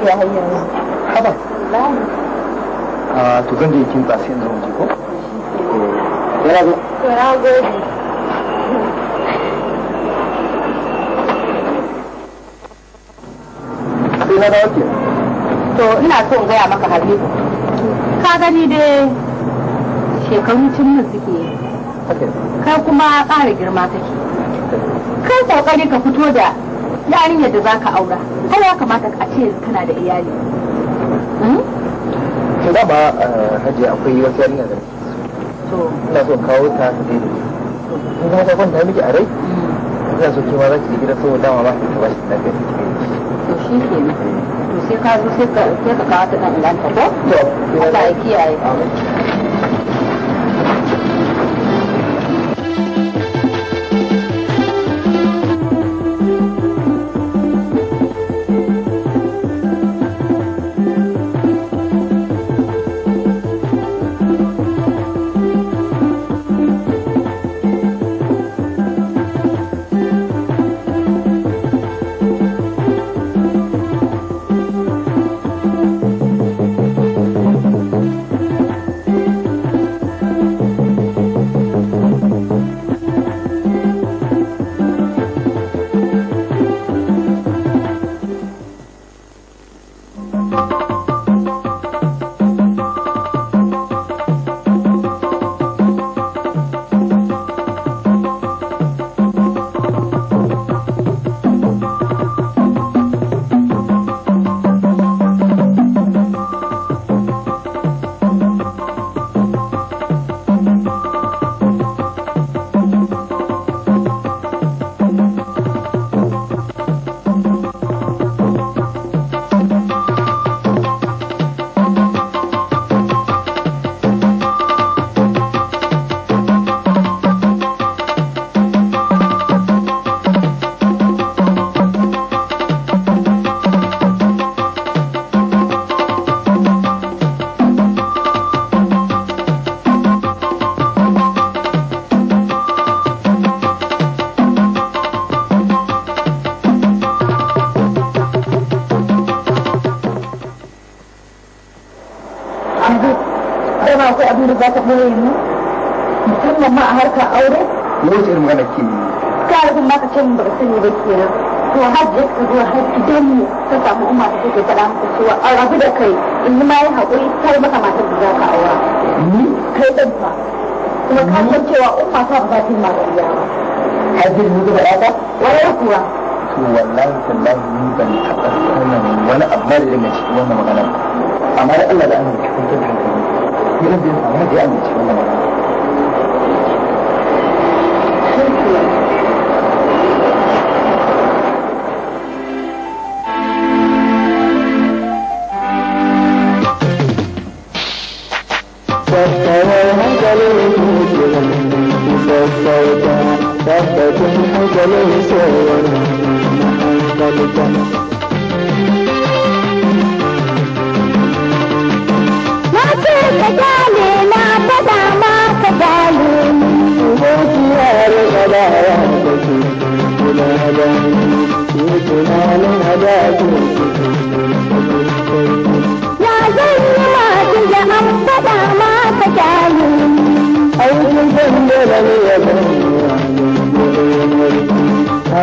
lafiya har yanzu haba a ah, to zan je kin tsasi yanzu mu ko eh. yana zo to na gode sai na dawo ke to ina so in gaya maka habibu ka gani dai shekaru cin nan suke kai kuma ƙara girma kake kai kokari ka fito da yarinyar da za ka aura har ya kamata a ce kana da iyali hmm? to dama eh, hajji akwai wata yarinya da ina so kawo ta ta daidai in za ta kwanta miki a rai hmm. ina so kima za ki gida saboda dama ba ta ba shi lafiya to shi ke to sai ka zo sai ka kawo ta nan ko to Allah ya kiyaye harkar aure? Wace irin magana ke yi? Ka rufin maka ce mun baka sani ba kenan. To hajji ka zo har gidan mu ta samu umma ta take faɗa maka cewa an rabu da kai in ma yi haƙuri kai maka matar da za ka aura. Ni? Kai ɗan fa. Kuma ka san cewa umma ta ba za ta yi magariya ba. Hajji ne zuba ɗata? Wayar kuwa. To wallahi tallahi ni ban taɓa sanin wani abu da daga cikin wannan maganar. Amma da Allah da Allah ki kwantar da hankali. Ni ɗan biyan ma da ya amince wannan maganar.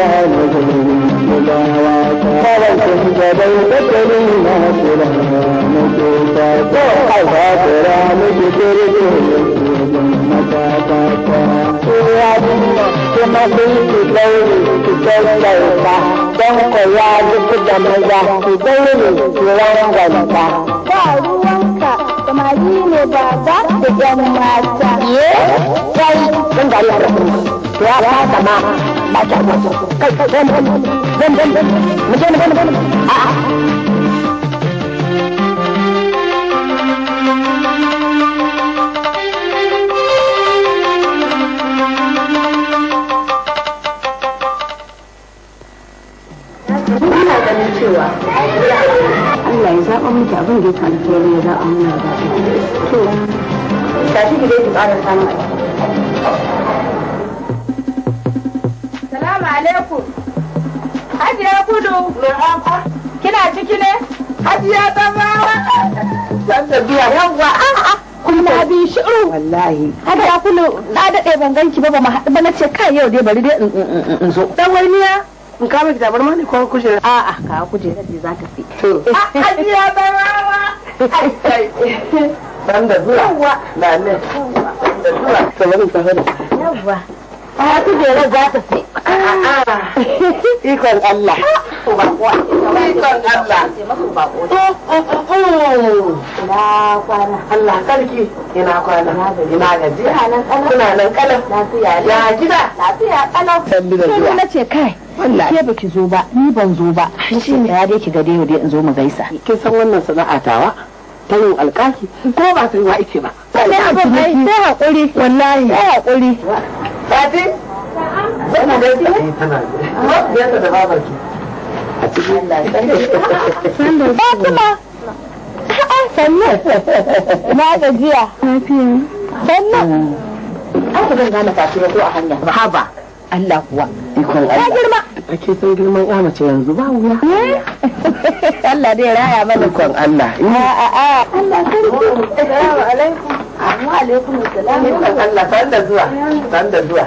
ظالمين kawai sun gabai tattali na sura muke ta ko hauka tura muke da maza ki daure ki ranganta. Ba ruwanka a ya kama lafiyar wato kai kai kai mu Allah ya zaɓa miki abin da ya kan alheri ya zaɓa mana ki dai ki alaikum. Hajiya gudu. Kina ciki ne? Hajiya zama. Zan tafiya. Yawwa. Kuma bi shiru. Wallahi. Hajiya kudu na daɗe ban ganki ba ba ma haɗu ba na ce kai yau dai bari dai in zo. Dan wani in kama ki tabar mani ko kujera A'a, a ka kujera ce za ta fi ajiya barawa dan da zuwa na ne dan da zuwa sabarin sahara yawa a kujera za ta fi Ikon Allah. Ikon Allah. Ina kwana. Allah Ya gida. Lafiya da ce kai. Wallahi. Ke baki zo ba, ni ban zo ba. Shi ne ya ki ga dai in zo mu gaisa. Kin san wannan sana'a tawa? ta yin ko ba su yi wa ba. Sai Wallahi. Sai Fati. Tana da shi? Eh tana da. Amma biyarta da babar ki. A cikin Allah. Fatima. A'a Na gajiya. Lafiya. Sannan. Hmm. Ai ku zan gane Fatima ko a hanya. Haba. Allah kuwa. Ikon Allah. Ta girma. Ake san girman ya mace yanzu ba wuya. Eh? Allah dai raya mana. Ikon Allah. Eh. A'a a Allah sarki. Assalamu alaikum. Wa alaikum assalam. Allah sanda zuwa. Sanda zuwa.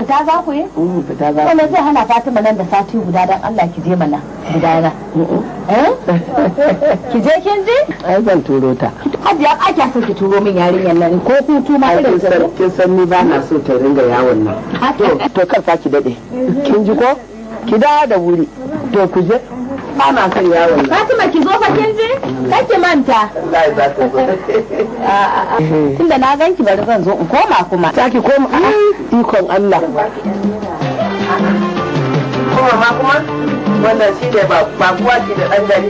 fita za ku yi? Mm, fita za ku yi. zai hana Fatima nan da sati guda don Allah ki je mana guda na? Eh? Ki je kin ji? Ai zan turo ta. ya ake son ki turo min yarinyar nan ko hutu ma irin sa. Kin san ni ba na so ta ringa yawon nan. To to kar fa ki dade. Kin ji ko? Ki dawo da wuri. To ku je. Ba na son yawon nan. Fatima ki zo ba ji kake manta wallahi tunda na ganki bari zan zo in koma kuma saki koma ikon Allah koma ma kuma wannan shi ba kuwa ke da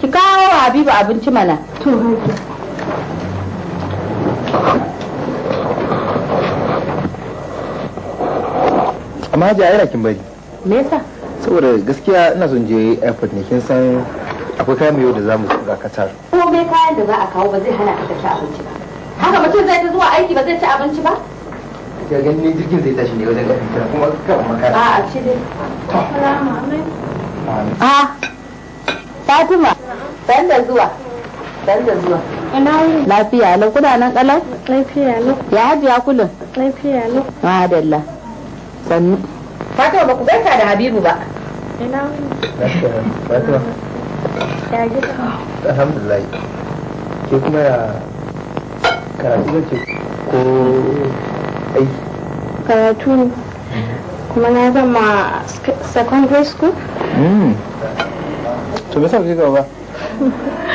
Ki kawo Habibu abinci mana. to rage amma hajiya rakin bari me yasa saboda gaskiya ina son je airport ne kin san akwai kayan yau da za mu ga katar ko me kayan da za a kawo ba zai hana ka ci abinci ba haka mutum zai ta zuwa aiki ba zai ci abinci ba ya gani ne jirgin zai tashi ne wajen gafi kuma kan makara a a ci dai salamu alaikum a ah, fatima ban da zuwa Lafiya lau kuna nan kalau? Lafiya lau. Ya haji ya kullum? Lafiya lau. Madalla. Sannu. Fatima ba ku gaisa da Habibu ba. Ina wani. Fatima. Ya Alhamdulillah. Ke kuma ya karatu ce ko ai Karatu ne. Kuma na zama secondary school? Mm. To me sa ku gaba?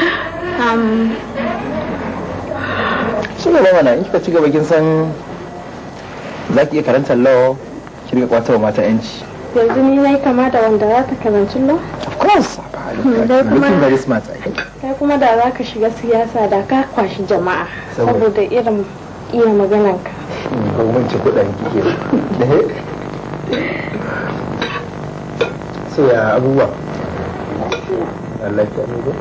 ci bawa mana in kika ci gaba kin san za ki iya karantar law ki riga kwata wa mata yanci yanzu ni na yi kama da wanda za ta karanci law of course hmm, kai kuma da za ka shiga siyasa da ka kwashi jama'a saboda irin iya maganan ka gwamnati hmm, kuɗin kike sai eh? ya abubuwa Allah ya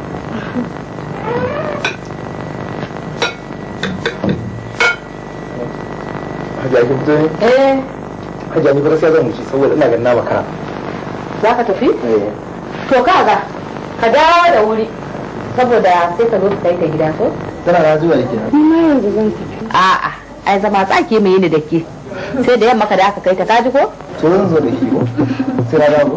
Hajiya ki fito ne? Eh. Hajiya ni gaskiya zan wuce saboda ina ganin na makara. Za ka tafi? Eh. To kaga ka dawo da wuri saboda sai ka zo ka kai ta gida ko? Tana na zuwa nake. Ni ma yanzu zan tafi. A'a, ai zama tsaki mai ni da ke. Sai da yamma ka da aka kai ta kaji ko? To zan zo da ke ko? Sai na dawo.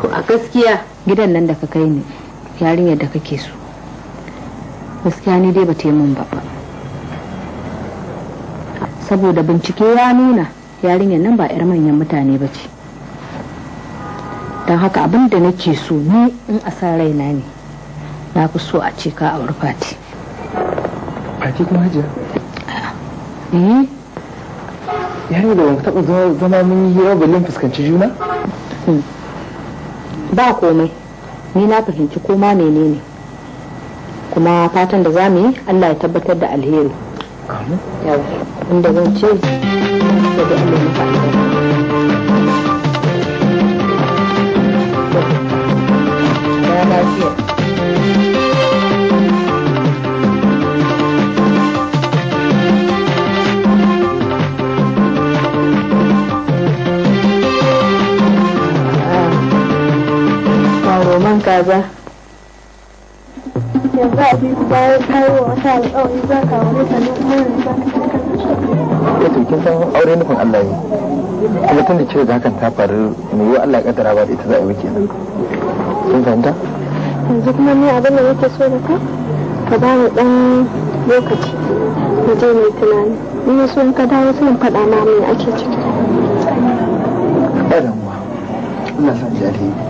to a gaskiya gidan nan da ka kai ni yarinyar da kake so gaskiya ni dai ba ta mun ba saboda bincike ya nuna yarinyar nan ba 'yar manyan mutane ba ce don haka abin da nake so ni in a san raina ne na fi so a ce ka auri fati fati kuma hajiya eh yarinyar da taɓa zama mun yi yawa balin fuskanci juna hmm. ba komai ni na fahimci koma menene kuma fatan da za mu yi allah ya tabbatar da alheri inda zan ce Yeah. kaza yanzu a biyu bayan kawo wata alƙawari za ka wani sannan kuma yanzu za ka ya to kin san aure nufin Allah ne kuma tunda cire da hakan ta faru mai yiwu Allah kaddara ba da ita za a yi kenan kin fahimta yanzu kuma ni abin da nake so da ka ka ba ni dan lokaci na je mai tunani in so in ka dawo sai in faɗa ma me ake ciki. Ɗan uwa ina son jari.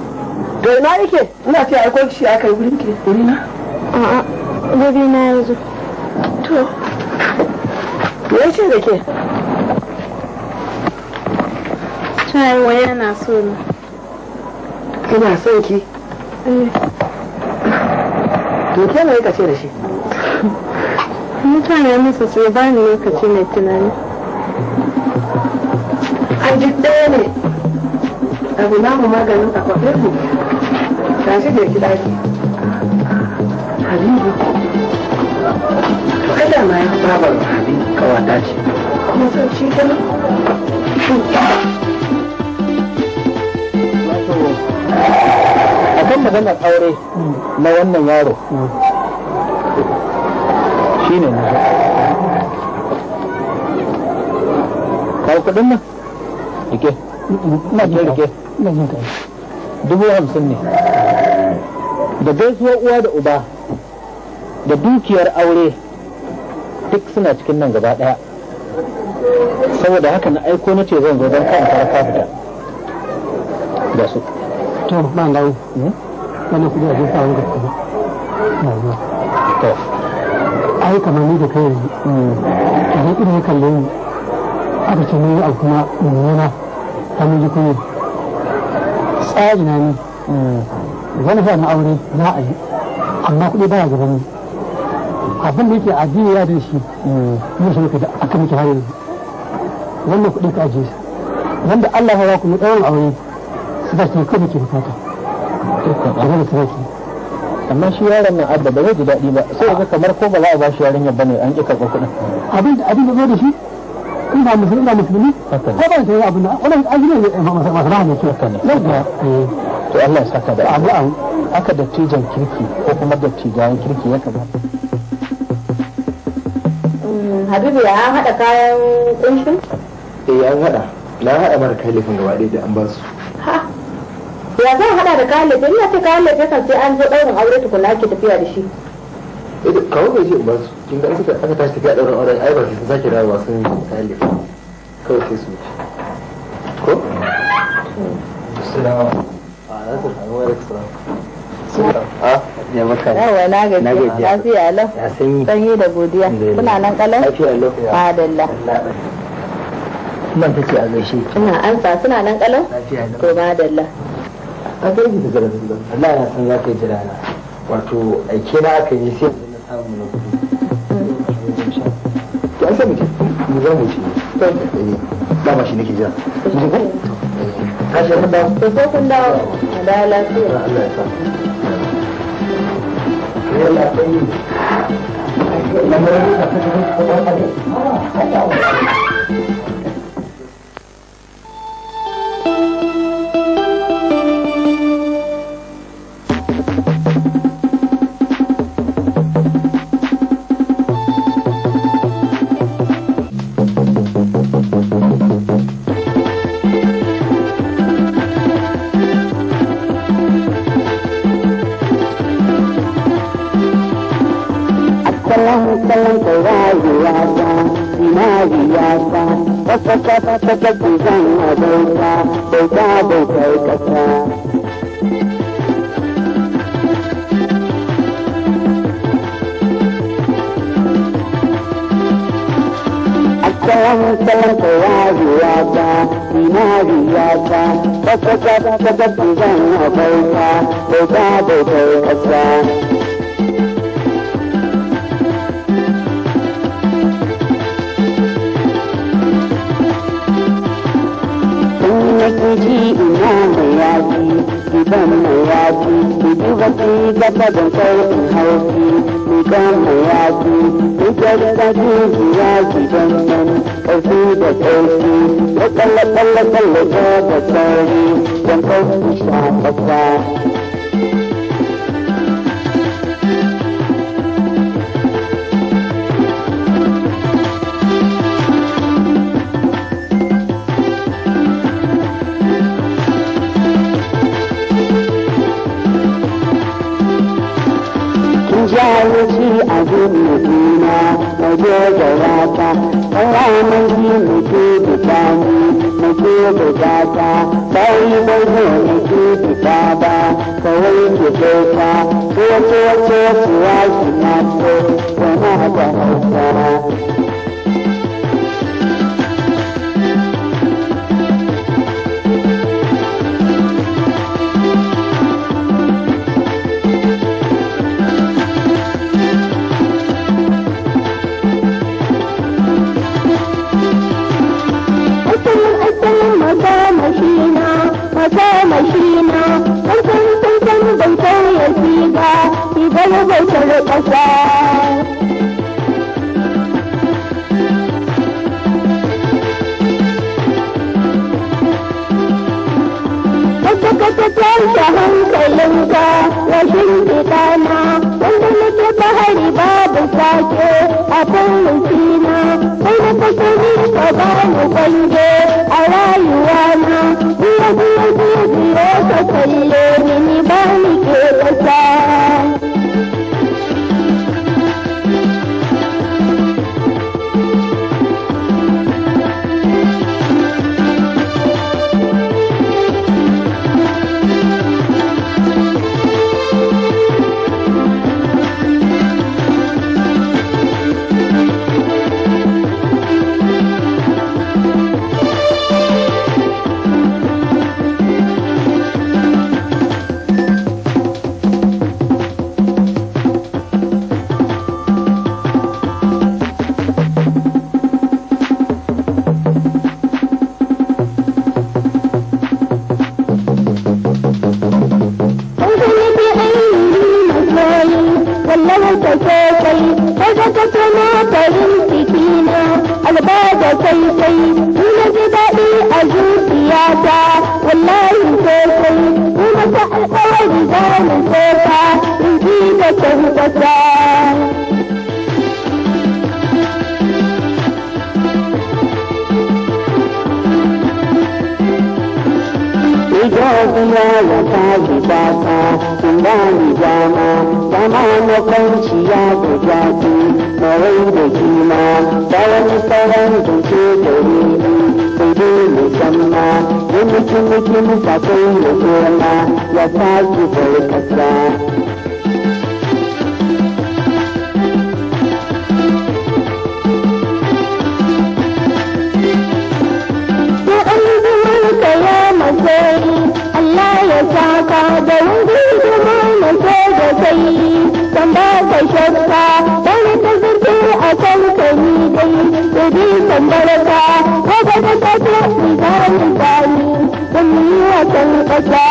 to ina yake ina ce akwai shi aka yi wurin ki wuri na a'a wuri na yanzu to me ce da ke cewa yana so ne ina son ki eh. to ke me kace da shi mutane musu sai ba ni lokaci mai tunani a duk ɗaya ne abu namu maganin akwai mu tashi da gida ma ya babar ce kuma san shi akan maganar aure na wannan yaro shi ne na kawo kudin nan na ke rike dubu hamsin ne da gaisuwar uwa da uba da dukiyar aure duk suna cikin nan gaba daya saboda haka na aiko na ce zan zo don kan fara fita da su to ba lawo hmm? wani kudi da jefa wani gaske ba ai kamar ni da kai yanzu hmm. idan irin ya kalle ni aka ce ni abu kuma mummuna ta mun ji kunya tsari na ni hmm. wani ba na aure za a yi amma kuɗi baya gaban mu abin da yake addini ya da shi musu muka da aka miki har yanzu wannan kuɗi ka ajiye wanda Allah ya ba ku ɗaurin aure su ba ke kuma ke bukata game da sarki amma shi yaron nan adda ba zai ji daɗi ba sai ga kamar ko ba za a ba shi yabba bane an ƙi karɓar kuɗin abin da abin da zo da shi in ba musulmi ba musulmi ko ba yi abin da wannan ajiyar ne masu rahama ne ke to Allah ya saka da an aka dattijan kirki ko kuma dattijan kirki ya kamata mm, Habibu ya haɗa kayan kunshin? Eh an haɗa. Na haɗa mara kalifin gaba ɗaya da an ba su. Ha! Ya zan haɗa da kayan lefe? Ina ce kayan lefe kan sai an zo ɗaurin aure tukuna ake tafiya da shi. Eh kawo bai ce ba su. Kin ga suka aka tashi tafiya ɗaurin aure ai ba su sake dawowa sun kayan lefe. Kawai sai su. Ko? Assalamu alaikum. za ya baka yawa na gaji sanyi da godiya kuna nan kalan lafiya lau madalla kuma ta ce a gaishe ina ansa suna nan kalan to madalla a da garin Allah ya san jira na wato yi sai na samu na ya mm. san mu za mu da ba shi nake jira kun dawo a da lafiya Allah ya sa Allah ya sa Allah ya sa ta ta ta zan na bauta bauta bautar kasa Salam salam tawariya ta, dinariya ta ta zan na bauta bauta bautar kasa. wannan yaƙi ki duba gaba da sauƙin hauki ki gama yaƙi ki jarta dubiya ki dangan ƙarfi da ƙarfi ya tsalle tsalle tsalle da sauri don ƙarfi shafafa shi mutina na je da rata ƙaramin shi mutu da sami mutu da gata bai bai zo na shi da saba kawai ke bauta ko ce ce suwa shi na so kuma da hausa da hankalinka ya shimfiɗa na wanda nake bahari babu sake a fahimcina sai na fasarin ka ba ni kwange a rayuwa na biyo biyo biyo biyo ka kalle ni ba ni ke kasa. shehu kwasa ya kaji kwasa, sun ba ni dama, dama na kwanciya da jaki, mawai da kima, da ke ya kema, barkasa. shaka da wuri kuma na so da kai san ba ka shakka bari ta zurfi a kan kari dai su bi san barka ko ka ka ka ko ni za mu bani sun yi kan ƙasa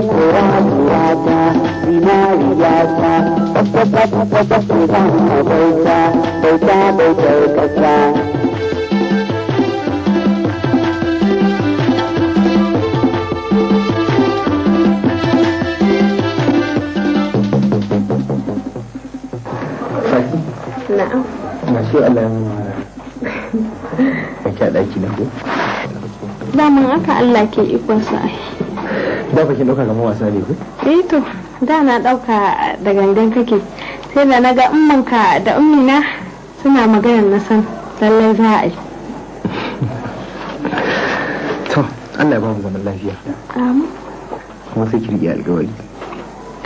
turariya zinariya ta tabbata ce zan bauta bauta bautar kasa Na'am. Masu Allah ya mara. Kake a na ko? Daman aka Allah ke ikonsa a da bakin dauka kamar wasa ne ko eh to da na dauka da gangan kake sai da naga ummanka da ummina suna magana na san lallai za a yi to Allah ya ba mu zaman lafiya amin kuma sai ki alƙawari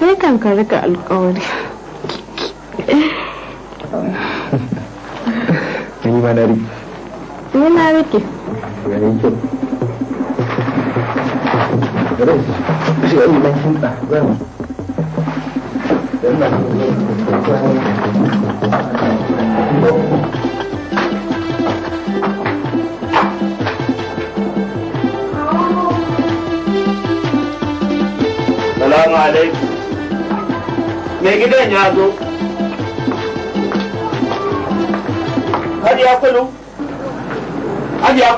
kai kan ka rika alƙawari ni ma na rike ni na rike shiga zai shiga yi nan zan Salamu alaikum. gidan ya zo. Kulu?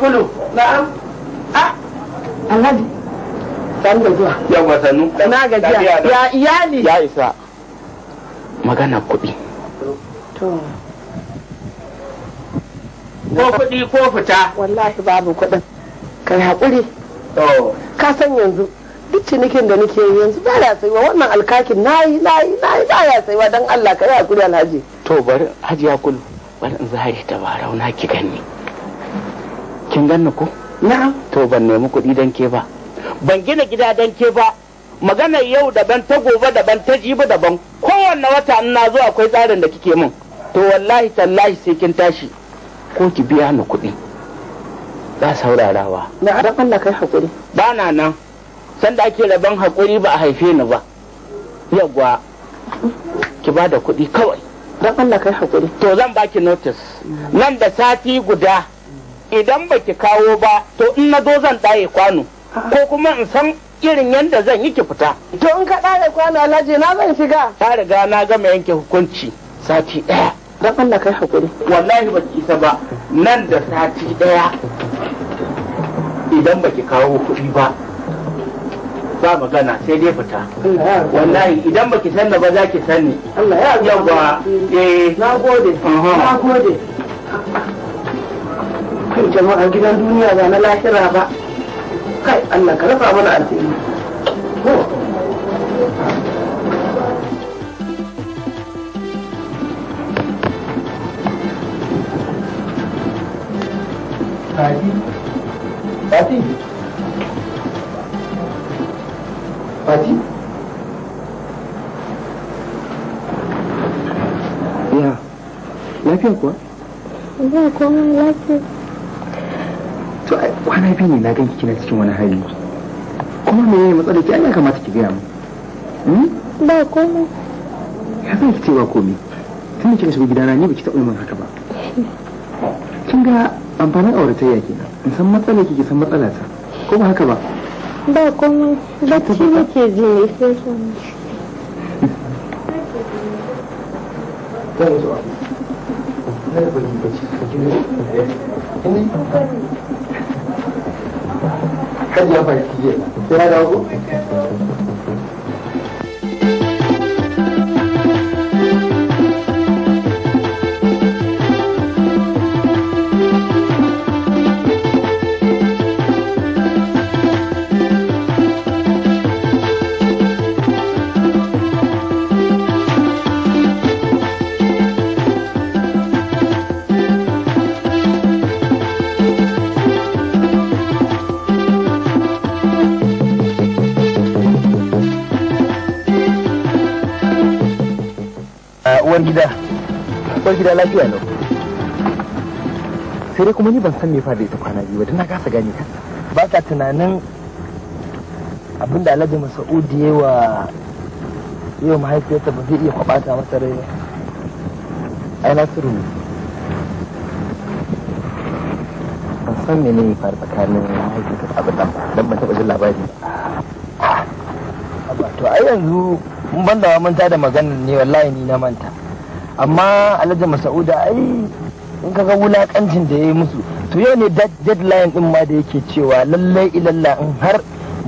Kulu? Na'am. Ah, Alhaji. dan da zuwa na gajiya ya iyali ya isa magana kuɗi to ko kuɗi ko fita wallahi babu kuɗin kai haƙuri ka san yanzu duk cinikin da nake yi yanzu ba ya saiwa wannan alkakin na yi na yi na yi ba ya saiwa don Allah ka yi haƙuri alhaji to bari ya kullu bari in ta tabarau na ki ganni kin ganni ko na'am to ban nemi kuɗi dan ke ba ban gina gida don ke ba maganar yau daban ta gobe daban ta jibi daban kowanne wata na zuwa akwai tsarin da kike min to wallahi tallahi sai kin tashi ko ki biya ni kuɗi ba saurarawa na dan Allah kai hakuri ba na nan sanda ake rabon hakuri ba a haife ni ba yawwa ki ba da kuɗi kawai dan Allah kai hakuri to zan baki notice nan da sati guda idan baki kawo ba to in na zo zan ɗaye kwano ko kuma in san irin yadda zan yi ki fita to in ka ƙara kwana alhaji na zan shiga ta riga na gama yanke hukunci sati ɗaya Don Allah kai hakuri wallahi ba ki isa ba nan da sati ɗaya idan baki kawo kuɗi ba ba magana sai dai fita wallahi idan baki san ba za ki sani Allah ya yawa eh. na gode na gode jama'a gidan duniya ba na lahira ba kai Allah ka rafa mana alheri Fati? Fati? Fati? Ya, lafiya kuwa? Ba kuma lafiya. to kwana biyu ne na ganki kina cikin wani hali kuma me ne matsala ki ya kamata ki gaya mu hmm? ba komai ya zan ki ce ba komai tun da kika shigo gidana ni baki taɓa min haka ba kin ga amfanin auratayya kenan in san matsala ki ki san matsala ta ko ba haka ba ba komai bacci nake ji ne sai Thank you. kan ya fahimci sai na dawo uwar gida uwar gida lafiya lau sai dai kuma ni ban san me fa da ita kwana biyu ba na kasa gani ka ba ka tunanin abin da alhaji masa'udi ya wa yau mahaifiyarsa ba zai iya kwabata masa rai ai nasiru ban san me ne fara tsakanin mahaifiyarsa da abin dan ban taɓa jin labari ba to ai yanzu mun ban da manta da maganar ne wallahi ni na manta amma alhaji masauda ai in kaga wulakancin da ya yi musu to yau ne deadline din ma da yake cewa lallai ilalla in har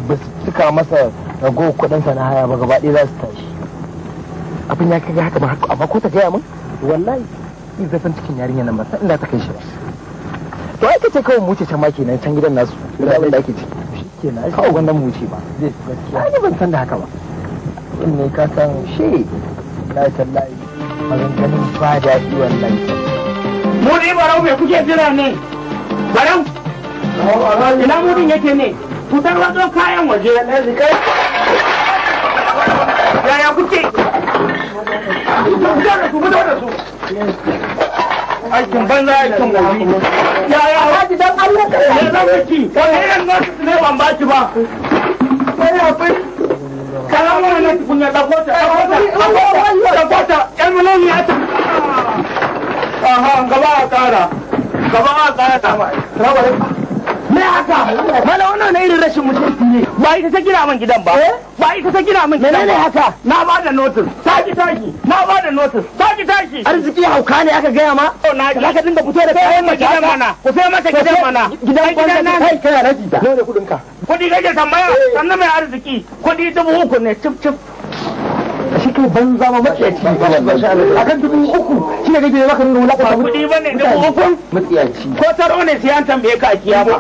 ba su cika masa rago kudin sa na haya ba gaba ɗaya za su tashi abin ya kaga haka ba amma ko ta gaya min wallahi in zafin cikin yarinya nan ba san inda ta kai shi ba to ai ce kawai mu wuce can ma kenan can gidan nasu da abin da ake ci shikenan kawai gwanda mu wuce ba zai gaskiya ni ban san da haka ba in ne ka san shi la tallahi maganganun ba mu ne barau me kuke jira ne barau ina mudin yake ne kusan wato kayan waje yaya kuke fito da su fito da su aikin banza aikin wani yaya haji dan Allah ka yi zan miki wani irin ne ban baki ba wani abin kalan wannan tukunya ya mana wannan na irin rashin mutunci ne ba ita ta gina min gidan ba ba ita ta gina min gidan ba haka na ba da notice taki taki na ba da notice taki taki arziki hauka ne aka gaya ma na ji zaka dinga fito da kayan mata gidan mana ku sai mata gidan mana gidan kwanza kai kana raji da ne kudin ka kuɗi kake tambaya eh. sannan mai arziki kuɗi dubu uku ne cif cif shi ke ban zama matsiyaci a kan dubu uku shi ne kake maka nuna wulaƙa kuɗi ba ne dubu uku matsiyaci ko taro ne siyan tambaye ka a kiyama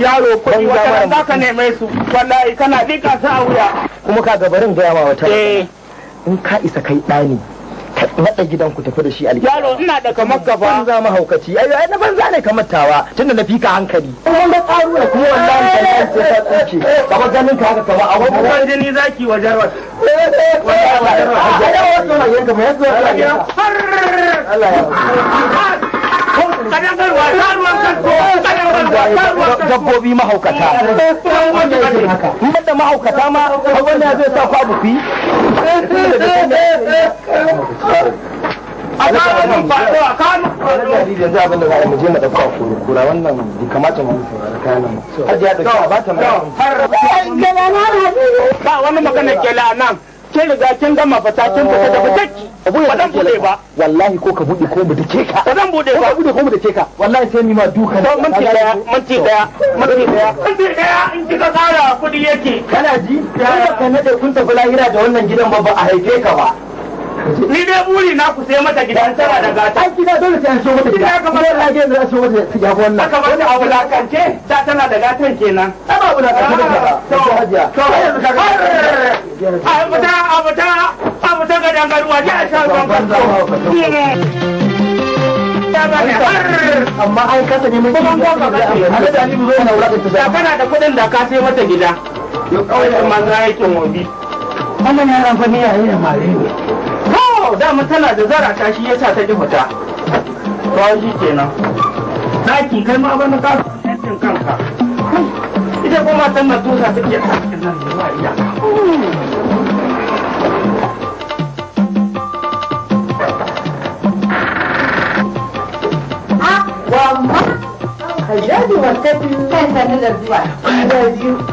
yaro kuɗi wata za ka neme su wallahi kana dika su a wuya kuma ka gabarin gaya ma wata eh. in ka isa kai ɗani ka gidan ku tafi da shi alƙi yaro ina da kamar gaba banza haukaci. ayo ai na banza ne kamar tawa tunda na fika hankali kuma ga karu ne kuma wallahi sai ka tsuke kamar ganin ka haka kama a wani kan jini zaki wa jarwat wallahi wa jarwat Allah ya sadarwa karuwan kanko sadarwa dabbobi mahaukata in banda mahaukata ma wanda zai sa ku abufi a kanun fado a kanun fado yanzu abin da a mu dauka kura wannan bai kamata mu da ba ta mai har ba wani magana kela nan kin riga kin gama fata kin fita da fitakki ba dan bude ba wallahi ko ka bude ko mu ke ka ba zan bude ba bude ko mu ke ka wallahi sai ni ma duka to minti daya minti daya minti daya minti daya in kika tsara kudi yake kana ji ya ka nade kun tafi lahira da wannan gidan ba a haife ka ba ni dai buri na ku sai mata gidan sama da gata ai gida dole sai an so mata gida kamar da lage da so mata gida wannan kamar da abu lakance da tana da gatan kenan ai ba abu lakance da ah, to hajiya to yanzu kaga abu ta abu ga dan garuwa ya sha ruwan banza amma an kasa neman kuma ba ka ga da ni zo na wulaka ta kana da kudin da ka sai mata gida yau kawai manzo yake mobi wannan ya amfani yayin da mare ne to dama tana da zara ta shi yasa ta ji fita to shi kenan daki kai ma bana ka tsancin kanka ita kuma tan na tusa take a cikin nan zuwa iyaka Hajjaji wata biyu kan sanar da zuwa.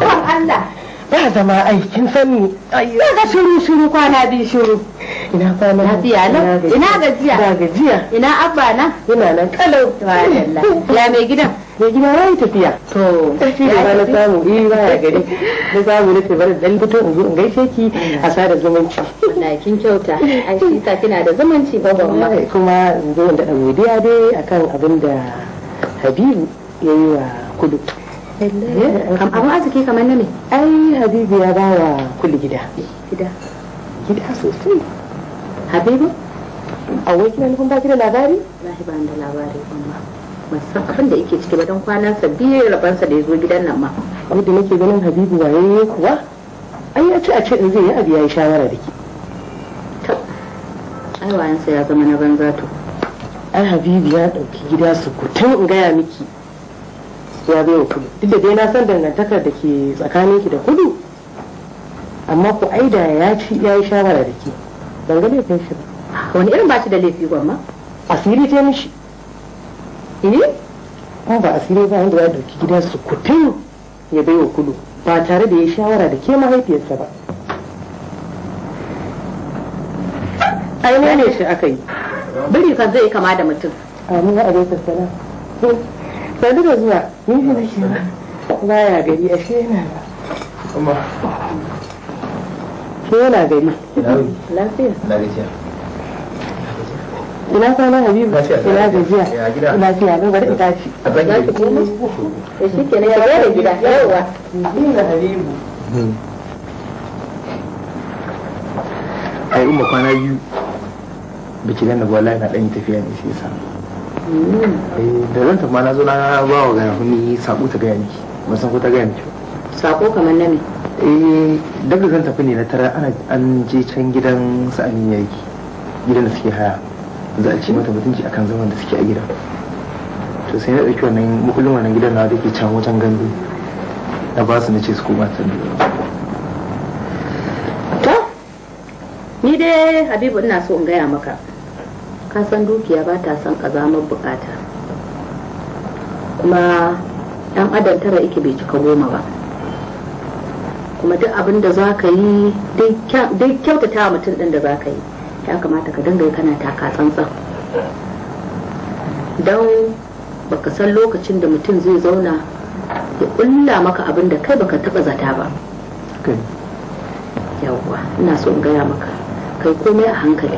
Kan Allah. ba ma aikin sani ayyo ga shiru shiru kwana biyu shiru ina kwana lafiya na ina gajiya ba gajiya ina abba na ina nan kalau subhanallah ya mai gidan mai gida ya yi tafiya to shi da na samu yi eh, ba ya gari na samu na ce bari dan fito in zo in gaishe ki a sada zumunci na kin kyauta ai shi ta kina da zumunci ba ba kuma in zo da godiya dai akan abin da Habibu ya yi wa kudu Eh, amma arziki kamar na me ai habibu ya ba wa kulli gida gida gida sosai habibu a wai kina nufin ba ki da labari lahi ba da labari kuma masu san abin da yake ciki ba don kwanansa biyu rabansa da ya zo gidan nan ma ni nake ganin habibu waye kuwa ai ya ce a ce in zai yi abu ya yi shawara da to ai wayansa ya zama na banza to ai habibu ya ɗauki gida su kutan in gaya miki ya bai wa kudu duk da dai na san dangantakar da ke tsakanin ki da kudu amma ku aida ya ci ya yi shawara da ke ban ga laifin shi ba wani irin ba shi da laifi gwamma asiri ta mishi eh kuma ba asiri ba inda ya dauki gida su kutu ya bai wa kudu ba tare da ya shawara da ke mahaifiyarsa ba ai ne shi aka yi biri kan zai kama da mutum amin ya alaikum salam sai duka zuwa ni ne nake ba baya gari a shi yana ba shi yana gari lafiya ina kwana habibu ina gajiya lafiya ina bari ina tashi ina zaki ne shi ke ne ya gare gida yawa ina habibu hmm. ai umma kwana biyu bikilan da wallahi na dan tafiya ne shi Eh, da zan tafi na zo na ba wa gaya huni sako ta gaya miki ban san ko ta gaya miki sako kamar na me eh daga zan tafi ne na tara ana an je can gidan su an yake gidan da suke haya za a ce mata mutunci akan zaman da suke a gidan to sai na ɗauki wannan mukullin wannan gidan na da ke can wajen gandu na ba su na ce su koma can to ni dai Habibu ina so in gaya maka kasan dukiya ba ta son ƙazamar bukata kuma ɗan adam tara ike bai cika goma ba kuma duk abin da za ka yi dai kyautata wa mutum ɗin da za ka yi ya kamata ka dinga kana taka tsantsan don baka san lokacin da mutum zai zauna ya ƙulla maka abin da kai baka taɓa zata ba yawwa ina so gaya maka kai komai a hankali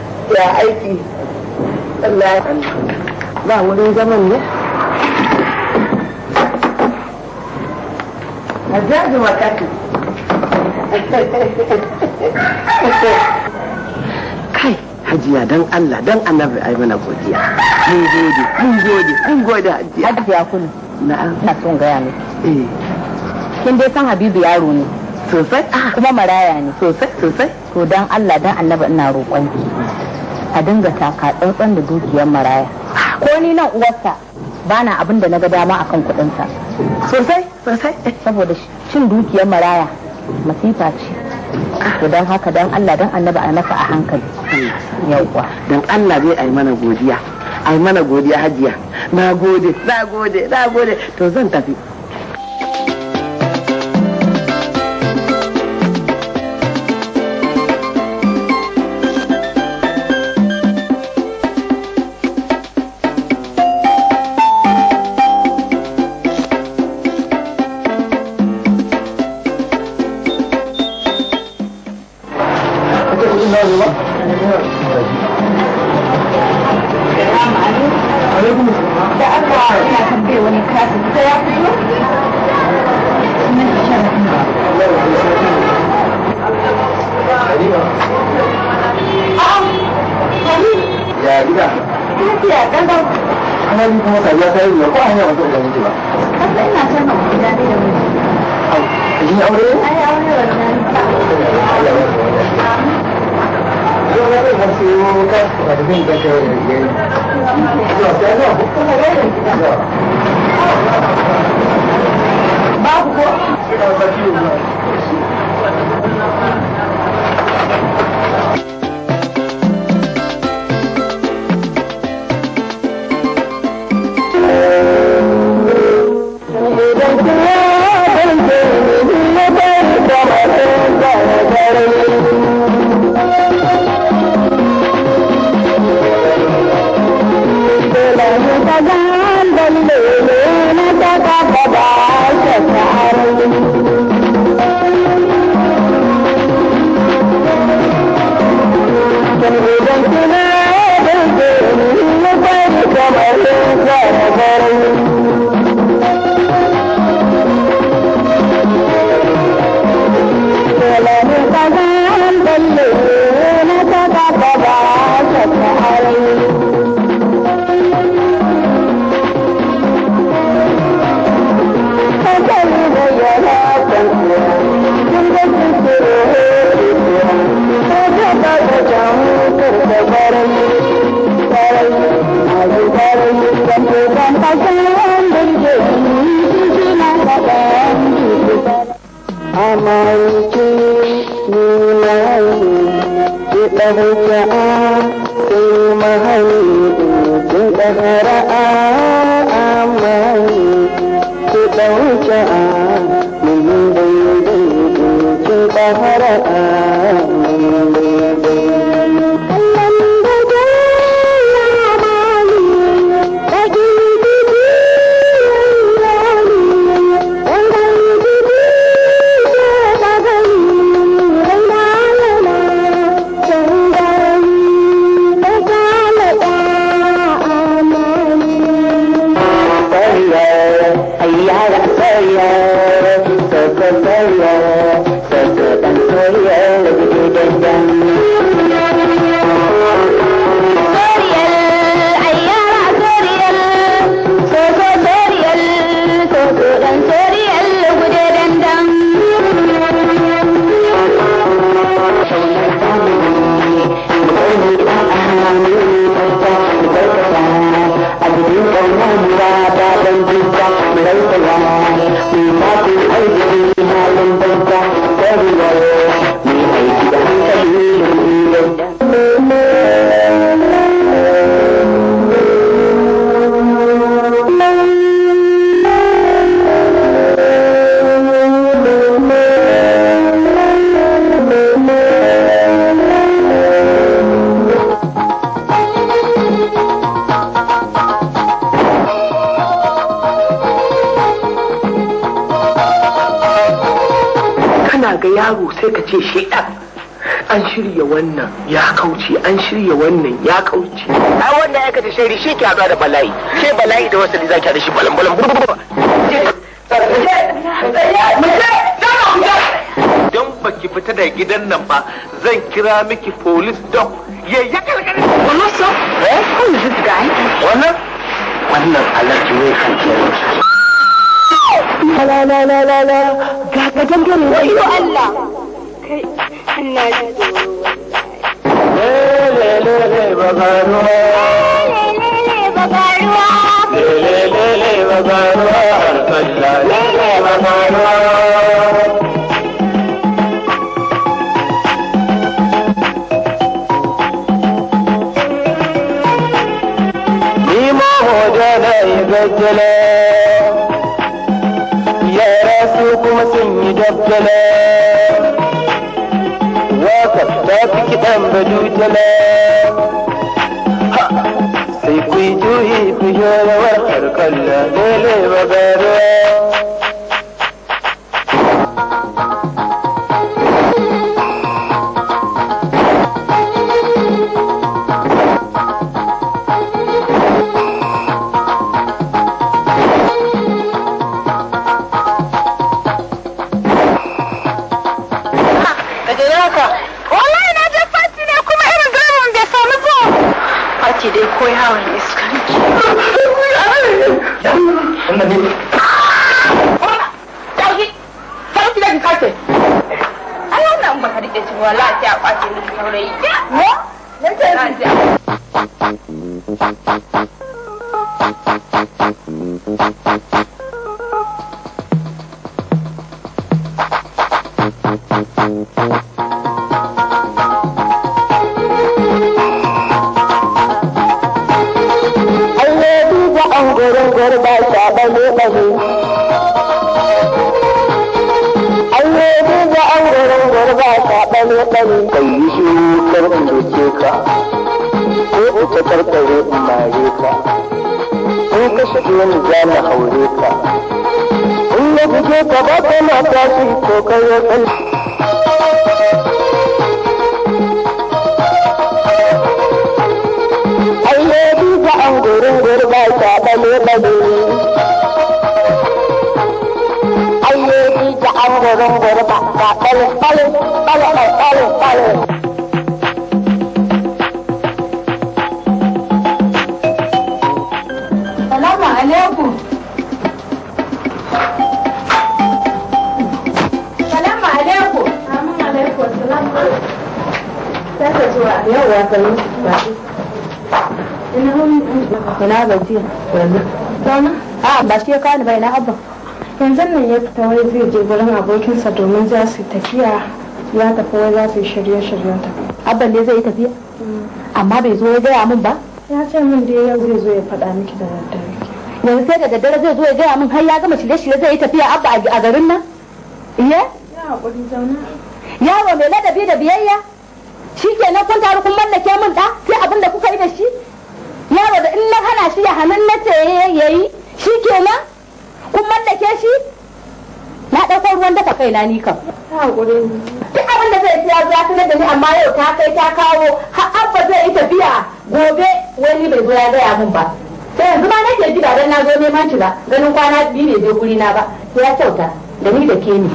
ya aiki ba wurin zaman ne Hajjaji makati kai hajiya don Allah don annabi ai mana godiya mun gode mun gode mun gode hajiya hajiya kun na'am na son gaya ne eh kin dai san Habibu yaro ne sosai ah. kuma maraya ne sosai sosai to don Allah dan annabi ina roƙon ki a dinga taka tsantsan da dukiyar maraya ko ni nan uwarsa na abin da na ga dama a kan kuɗinsa sosai sosai saboda cin dukiyar maraya masifa ce to don haka don Allah don annaba a masa a hankali yauwa don Allah zai ai mana godiya ai mana godiya hajiya na gode na gode na gode to zan tafi Thank you. an shirya wannan ya kauce a wannan ya kace shiri shi ke haɗuwa da bala'i ke bala'i da wasu za ki da shi balan balan burburba don baki fita da gidan nan ba zan kira miki polis dog ya ya kalkare wannan so eh who is this guy wannan wannan alarji ne kan kenan la la la la la ga ka dangane wayo Allah kai ina ji le le bagaruwa le le le bagaruwa le le le le bagaruwa kalla le le bagaruwa ni mo hojana igajjala yara su kuma sun yi dabbala za su kiɗan badutala sai ku yi juyi ku yi rawar harkalla lele magaruwa gajiya zauna a ba shi ya kawo bai na abba yanzu nan ya fita wai zai je gurin abokinsa domin za su tafiya ya tafi wai za su yi shirye-shiryen tafiya. Abba ne zai yi tafiya mm. amma bai zo ya gaya min ba ya ce min dai yau zai zo ya faɗa miki da daddare yanzu sai da daddare zai zo ya gaya min har ya gama shirye-shirye zai yi tafiya abba a garin nan iya yawo mai ladabi da biyayya shi kenan kun taru kun mallake min ɗa sai abin da kuka yi da shi yaro da in na hana shi ya hannun na ce ya yi shi ke nan kun mallake shi na ɗauko ruwan dafa kai na ni kam duk abin da zai siya zuwa sanar da ni amma yau ta kai ta kawo har abba zai yi tafiya gobe wani bai zo ya gaya mun ba sai yanzu ma nake gida dan na zo neman shi ba ganin kwana biyu ne zai guri na ba ya kyauta da ni da ke ni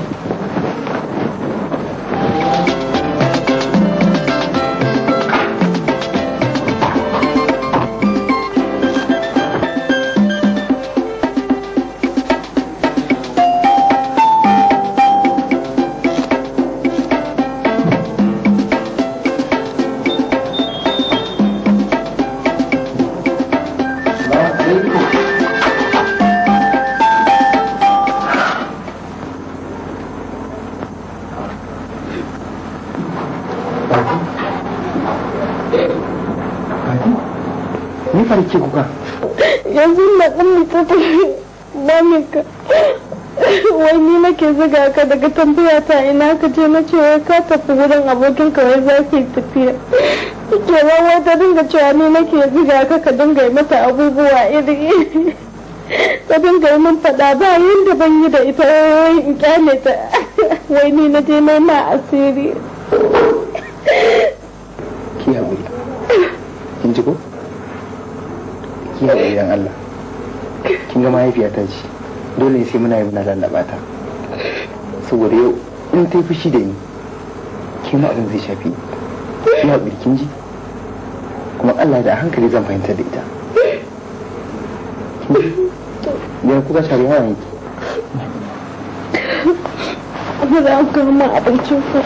yasa kuka yanzu na ummi ta ka wai ni nake zuga ka daga tambaya ta ina ka je na ce ka tafi wurin abokin ka wai ke tafiya ke rawa ta dinga cewa ni nake zuga ka ka dinga yi mata abubuwa iri ta dinga yi min faɗa ba yadda ban yi da ita wai in kyale ta wai ni na je na asiri ke da idan Allah kin ga mahaifiyata ce dole sai muna yi muna lallaba ta saboda yau in ta fushi da ni ke ma abin zai shafi ina birkin ji kuma Allah da hankali zan fahimta da ita yana kuka shari hawa yanki ba za mu kama abincin ku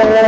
the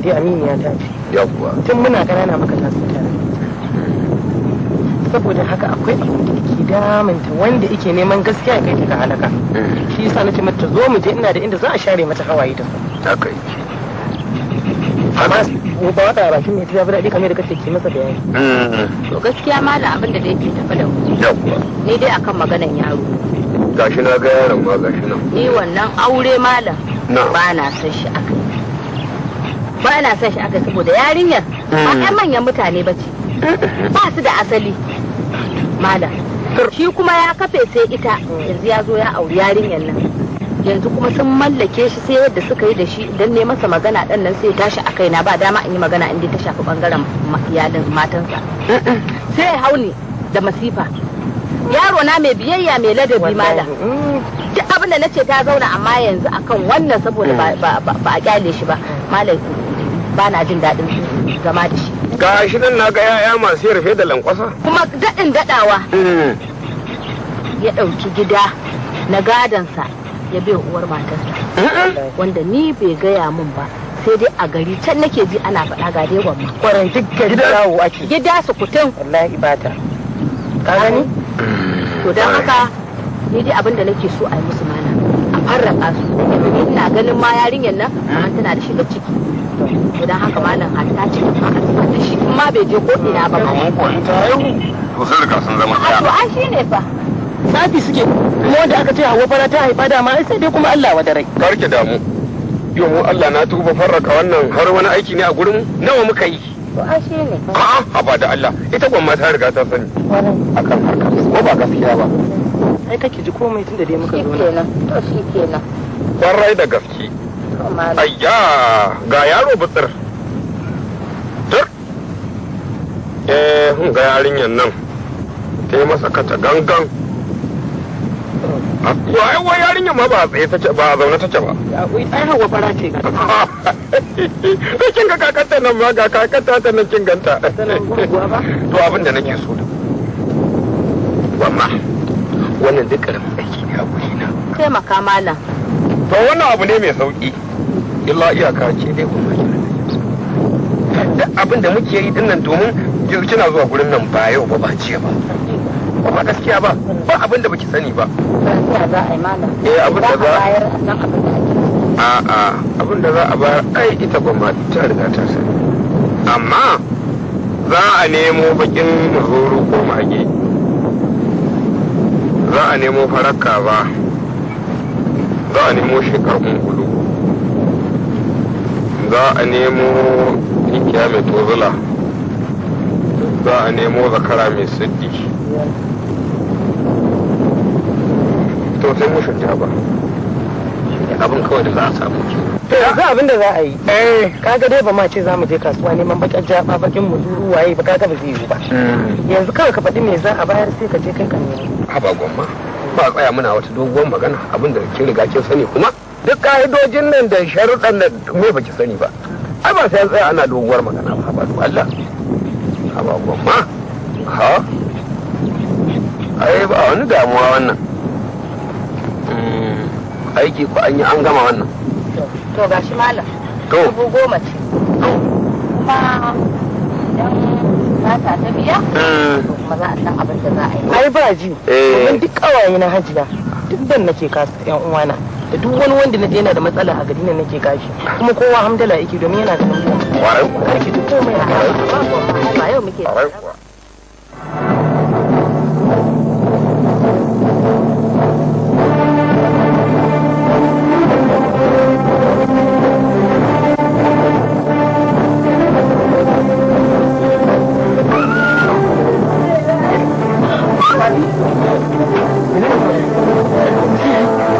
dai aminiya ta ce tun muna ƙanana muka taso tare saboda haka akwai abin da ke damunta wanda yake neman gaskiya ya kai ta ga halaka mm. shi yasa nace mata zo mu je ina da inda za a share mata hawaye da su haka yake amma ba wata bakin ne ta daɗi kamar da kace ki masa bayani mm. to gaskiya malam abin da da yake tafi da ni dai akan maganan yaro gashi na ga yaron ba gashi nan ni wannan aure malam ba na san shi akan ba na son shi aka saboda yarinyar ba ɗan ah. manyan mutane ba ce ba su da asali malam shi kuma ya kafe sai ita yanzu ya zo ya auri yarinyar nan yanzu kuma sun mallake shi sai yadda suka yi da shi don ne masa magana ɗannan nan sai tashi a kaina ba dama in yi magana inda ta shafi bangaren iyalin matansa sai ya hauni da masifa yaro na mai biyayya mai ladabi malam duk abin da nace ta zauna amma yanzu akan wannan saboda ba a kyale shi ba malam ba na jin daɗin zama da shi ga shi nan na ga yaya masu yarfe da lankwasa kuma daɗin daɗawa hmm. ya ɗauki gida na gadansa ya bai uwar matarsa wanda ni bai gaya min ba sai dai a gari can nake ji ana faɗa ga dai gwamma kwarai duk ake gida su kutun wallahi bata ka gani to dan haka ni dai abin da nake so a yi musu mana a farraka su ina ganin ma yarinyar nan amma tana da shi ciki don haka malam hatta ce ba. a zuba da shi kuma bai je ko ina ba ba ta to sai riga sun zama ɗaya to ai shine fa safi suke kuma wanda aka ce hawa fara ta haifa dama sai dai kuma Allah wa Kar karke damu yau mu Allah na tuba farraka wannan har wani aiki ne a gurin nawa muka yi to a shi ne a ba da Allah ita gwamma ta riga ta sani akan harkar ko ba gaskiya ba ai kake ji komai tunda dai muka zo nan to shi kenan kwarai da gaske malam ayya ga yaro butsir tur eh ga yarinyan nan ta yi masa kata gangan wai ah, wai yarinyar ma ba tsaye take ba a zaune take ba ai hawa fara ce kin ga kakanta nan ma ga kakanta ta nan kin ganta to abin da nake so wamma wannan duk karamin aiki ne a gurina taimaka malam to wannan abu ne mai sauƙi. illa iyaka ce dai kun duk abin da muke yi dinnan domin kina zuwa gurin nan ba yau ba ba jiya ba Kuma gaskiya ba ba abin da baki sani ba eh abin da za a a abin da za a bayar ai ita gwamnati ta riga ta sani amma za a nemo bakin zuru ko mage za a nemo farakka ba za a nemo shekaru. za a nemo tinkiya mai tozula za a nemo zakara mai siddi to sai mu shirya ba abin kawai da za a samu ke yanzu abin da za a yi eh. kaga dai ba ma ce za mu je kasuwa neman bakin jaba bakin muzuru waye ba kaga ba zai yi ba hmm. yanzu kawai ka faɗi me za a bayar sai ka je kai ka ne haba gwamma ba tsaya muna wata doguwar magana abin da kin riga kin sani kuma duk ka'idojin nan da sharuɗan da me baki sani ba ai ba sai tsaya ana doguwar magana ba ba Allah ha ba gwamma ha ai ba wani damuwa wannan hmm, aiki ku an yi an gama wannan to ga shi mala to dubu goma ce kuma idan ba ta tafiya hmm. kuma za a san abin da za a yi ai ba ji eh. domin duk kawaye na hajiya duk dan nake kasu yan uwana da duk wani wanda na yana da matsala a gari nake gashi kuma kowa hamdala yake domin yana da hamdala warai karki duk komai a ba yau muke Thank you.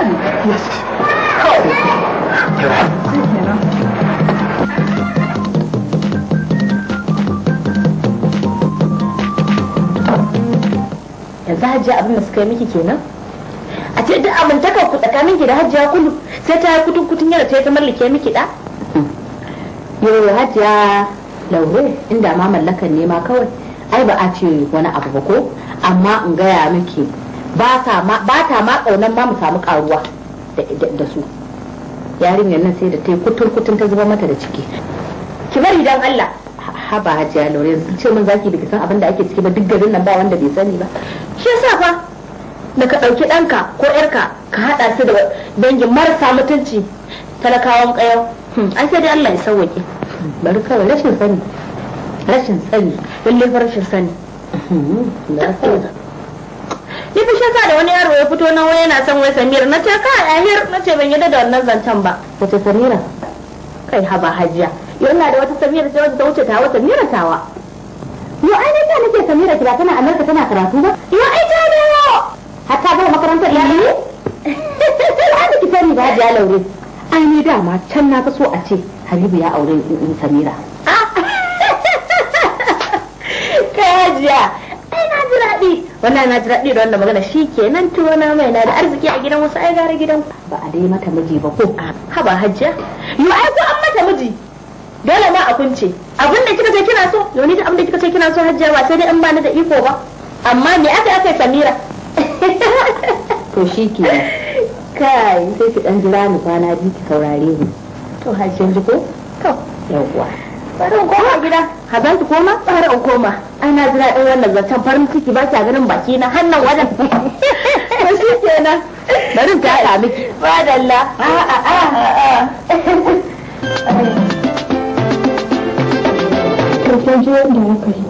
yanzu hajjiya abin da suka yi miki kenan a ce da amintakar ku tsakanin ki da hajjiya kullu sai ta yi kutun kutun yadda ta yi ta mallake miki da yau hajjiya laure inda ma mallakan nema kawai ai ba a ce wani abu ba ko amma in gaya miki ba ta ma ƙaunar ma mu samu ƙaruwa da su yarinyar nan sai da ta yi kutun ta zuba mata da ciki ki bari don Allah haba hajiya yanzu ce min zaki biki san abin da ake ciki ba duk garin nan ba wanda bai sani ba shi yasa fa da ka ɗauki ɗanka ko ƴarka ka haɗa su da dangin marasa mutunci talakawan ƙayar? Hmm, an sai dai Allah ya sauwaƙe bari kawai rashin sani rashin sani lallai rashin sani hmm, ni fi sa da wani yaro ya fito na wani yana son wai samira na ce ka ahir na ce ban yadda da wannan zancen ba wace samira kai haba hajiya yau ina da wata samira ce ta wuce tawa samira tawa yau ai nan da nake samira kira tana amurka tana karatu ba yau ai ta dawo hatta ba makarantar ya ne ba ki sani ba hajiya laure ai ni dama can na ga so a ce habibu ya aure samira kai hajiya ai na ji daɗi wannan na ji daɗi da wannan magana shi ke nan tuwo na mai na da arziki a gidan wasu ai gara gidan ba a dai mata miji ba ko a haba hajjiya yau ai ko an mata miji dole ma a kunce abin da kika ce kina so ni da abin da kika ce kina so hajjiya ba sai dai an bani da iko ba amma me aka aka samira to shi ke kai sai ki dan jira ni kwana biyu ki saurare ni to hajjiyan ji ko to yauwa bari in koma gida ka za ki koma bari in koma ai na ji ɗan wannan zancen farin ciki ba kya ganin baki na hannun wajen Ba shi kenan bari in ta miki ba dalla a'a a'a a'a farko da muka yi.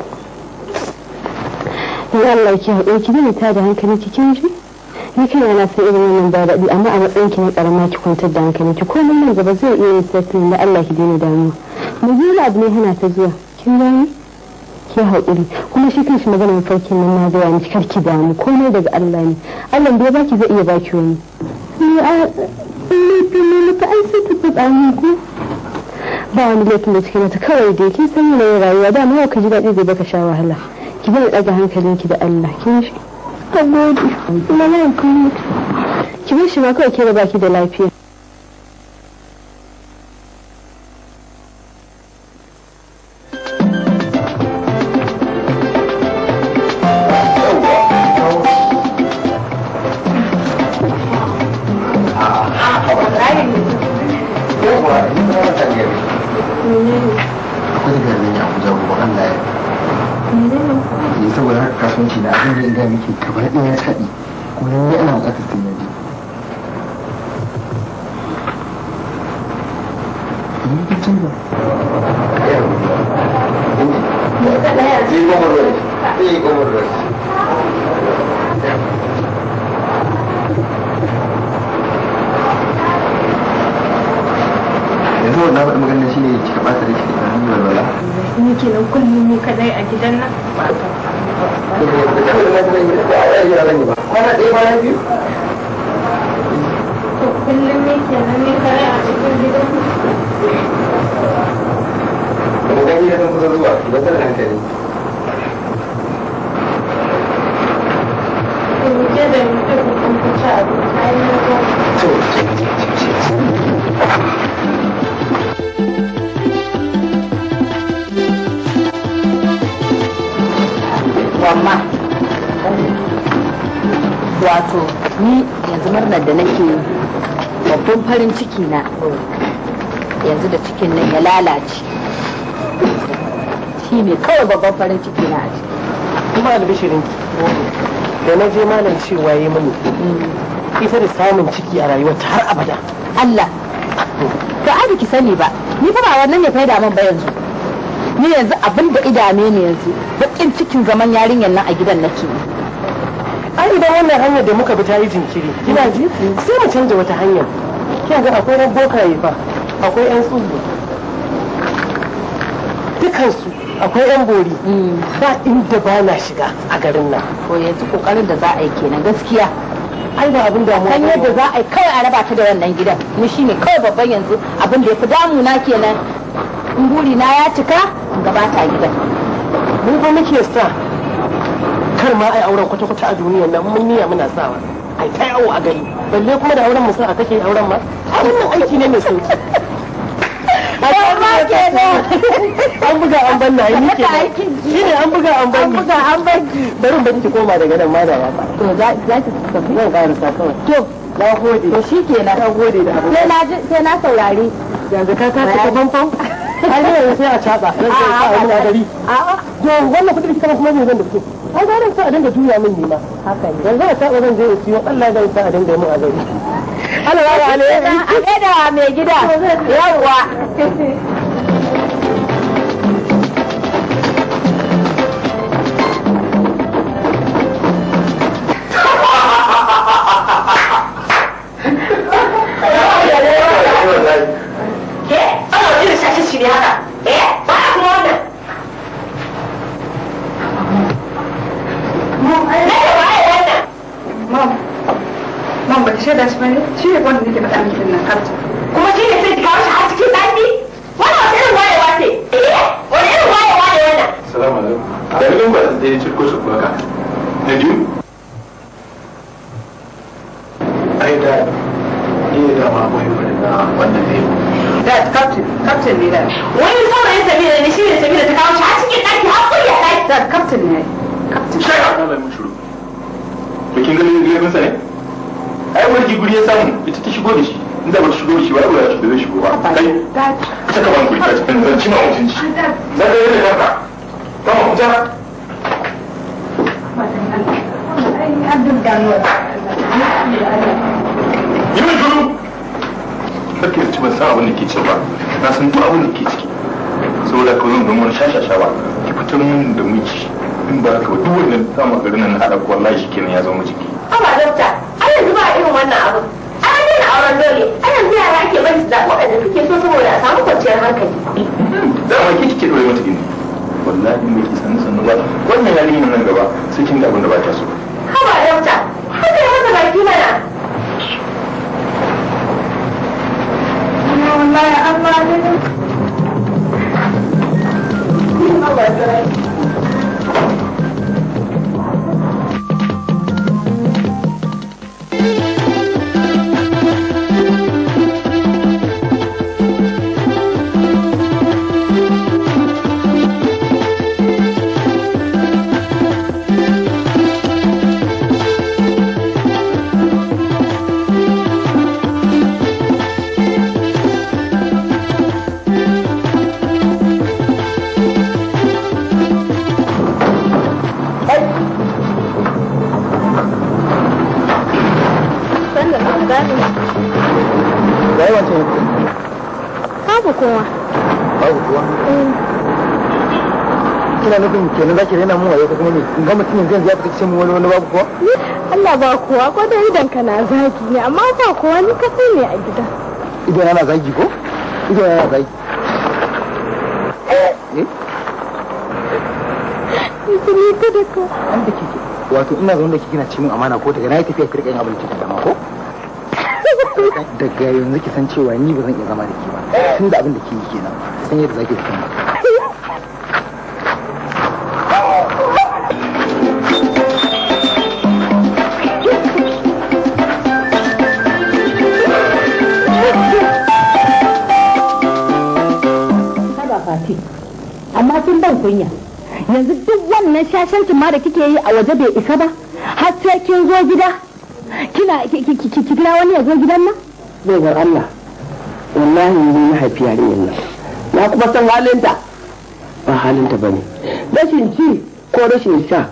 Allah ki haɗo ki ne ta da hankali cikin ji. ni kana na san irin wannan ba amma a matsayin ki na karama ki kwantar da hankali ki komai nan gaba zai iya yin sassafin da Allah ki daina damuwa mujira abu ne hana ta zuwa kin gani ke haƙuri kuma shi kanshi magana mafarkin nan na gaya miki kar ki damu komai daga Allah ne Allah da ya baki zai iya baki wani ni a ni ni ta ai sai ki faɗa min ku ba wani laifin da cikin ta kawai dai kin san yanayin rayuwa da ma ka ji daɗi da baka sha wahala ki bari ɗaga hankalinki da Allah kin shi na gode kuma na yi kuma ki bar ma ba kawai ke da ki da lafiya guda bane ba kwana ɗaya biyu kullum ne ke nan ne kare a cikin gidan ku gani da kusa zuwa da tsar hankali wato ni yanzu murnar da nake babban farin ciki na yanzu da cikin nan ya lalace shi ne kawai babban farin ciki na aji kuma albishirin da na je malam cewa ya mani mm. ita da samun ciki a ta har abada Allah ka aji ki sani ba ni fa ba wannan ya faida min ba yanzu ni yanzu abin da idame ne yanzu bakin cikin zaman yarinyar nan a gidan nake yi kin wannan hanyar da muka bi ta yi jinkiri kina ji sai mu canza wata hanyar kin ga akwai ran bokaye fa akwai yan tsubu dukansu akwai yan bori mm. ba inda ba na shiga a garin nan ko yanzu kokarin da za a yi kenan gaskiya An ga abin damuwa kan yadda za a yi kawai a raba ta da wannan gidan ni shine kawai babban yanzu abin da ya fi damuna kenan in buri na ya cika gabata gidan mun fa muke sa kar ma ai auren kwata-kwata a duniya nan mun niyya muna sawa ai ta yawo a gari balle kuma da auren musa a kake auren ma wannan aiki ne mai sauki an buga an ban na ni ke shi ne an buga an ban buga an ban bari ki koma daga nan ma da ba to za ki tafi zan karasa kawai to na gode to shikenan na gode da abu sai na sai na saurari. yanzu ka ka ta banfan ai yau sai a caba a a gari a to wannan kika kuma zan da ai ba sa a dinga juya min nima haka ne yanzu a saba zan je in siyo Allah zan sa a dinga min a gari Allah ya wale a gaida mai gida yawwa ga mutumin zan ya fita ce wani wani babu kuwa? Allah ba kowa ko da idan ka na zagi ne amma ba kowa ni ka sai ne a gida idan yana zagi ko idan yana zagi eh? Ni ta da ka. An da kike. Wato ina zaune da kike na cimin amana ko daga na yi tafiya kirkin abin cikin dama ko? Daga yanzu ki san cewa ni ba zan iya zama da ke ba. Tun da abin da ke yi kenan. San yadda zaki da kuma. amma sun ban kunya yanzu duk wannan shashancin ma da kike yi a waje bai isa ba har sai kin zo gida kina kira wani ya zo gidan nan zai Allah wallahi ni na haifi yarinyar nan na kuma san halinta ba halinta ba ne rashin ci ko rashin sha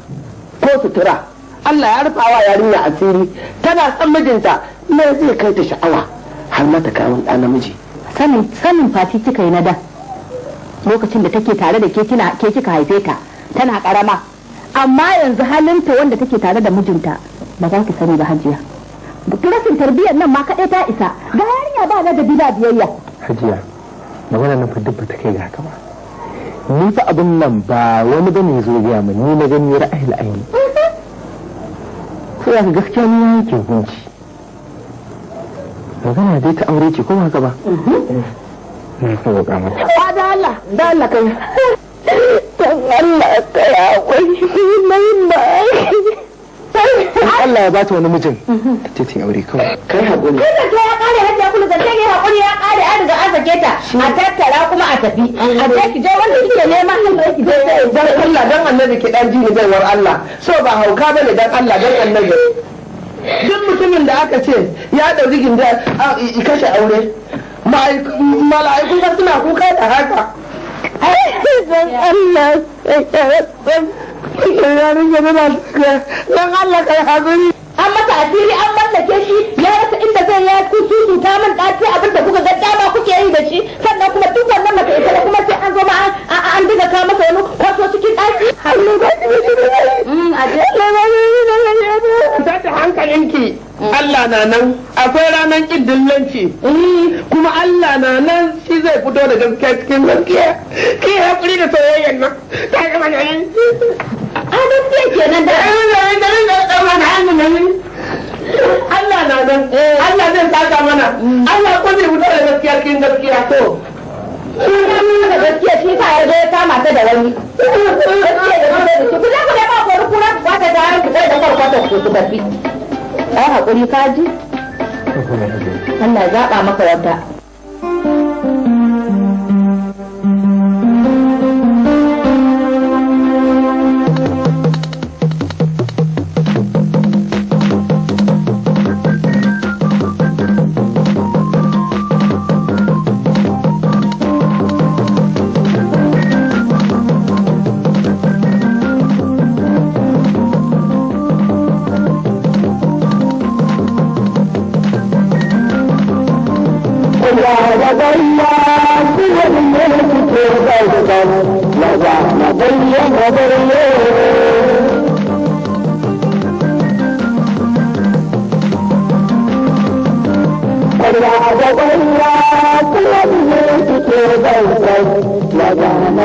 ko sutura Allah ya rufa wa yarinya asiri tana san mijinta me zai kai ta sha'awa har mata kawo ɗa namiji sanin sanin fati kika yi na da lokacin da take tare da ke kina ke kika haife ta tana karama amma yanzu halinta wanda take tare da mijinta ba za ki sani ba hajiya rashin tarbiyyar nan ma kaɗai ta isa ga yarinya ba na da bila biyayya hajiya magana nan fa dubba ba ga haka ba ni fa abin nan ba wani bane zo gaya ni na gani ra'ayi aini sai ga gaskiya ni yake hunci magana dai ta aure ce ko haka ba mhm. eh, na ga mata da Allah kai dan Allah ka akwai mai mai Allah ya bata wani mijin titin aure kawai kai hakuri kada ta ya kare hajji kullu zance ya hakuri ya kare an daga an sake ta a tattara kuma a tafi a je ki je wanda kike nema ki je dan Allah dan annabi ki dan ji da war Allah so ba hauka bane dan Allah dan annabi duk mutumin da aka ce ya ɗauri gindin kashe aure mala'iku suna kuka da haka don Allah don Allah kai hakuri an mata asiri an mallake shi ya rasa inda zai ya ku su ta min dace abin da kuka ga dama kuke yi da shi sannan kuma duk wannan mata ita da kuma sai an zo ma an diga ka masa wani kwato cikin daki hannu ba ki da shi mm, a je ta hankalinki Allah na nan akwai ranar ƙiddin lanci mm. kuma Allah na nan shi zai fito da gaskiya cikin gaskiya ya kuri da soyayyen nan ta gama da nan a gaskiya ke nan da ɗan da da ɗaura da hannun nan Allah na nan eh. Allah zai saka mana mm. Allah ko zai fito da gaskiya cikin gaskiya to da gaskiya shi ka yarda ya kama ta da wani gaskiya da kuma da shi ku za da ba ku rukunar ku ta da ku da ku ku tafi ai haƙuri kaji Allah ya zaɓa maka wata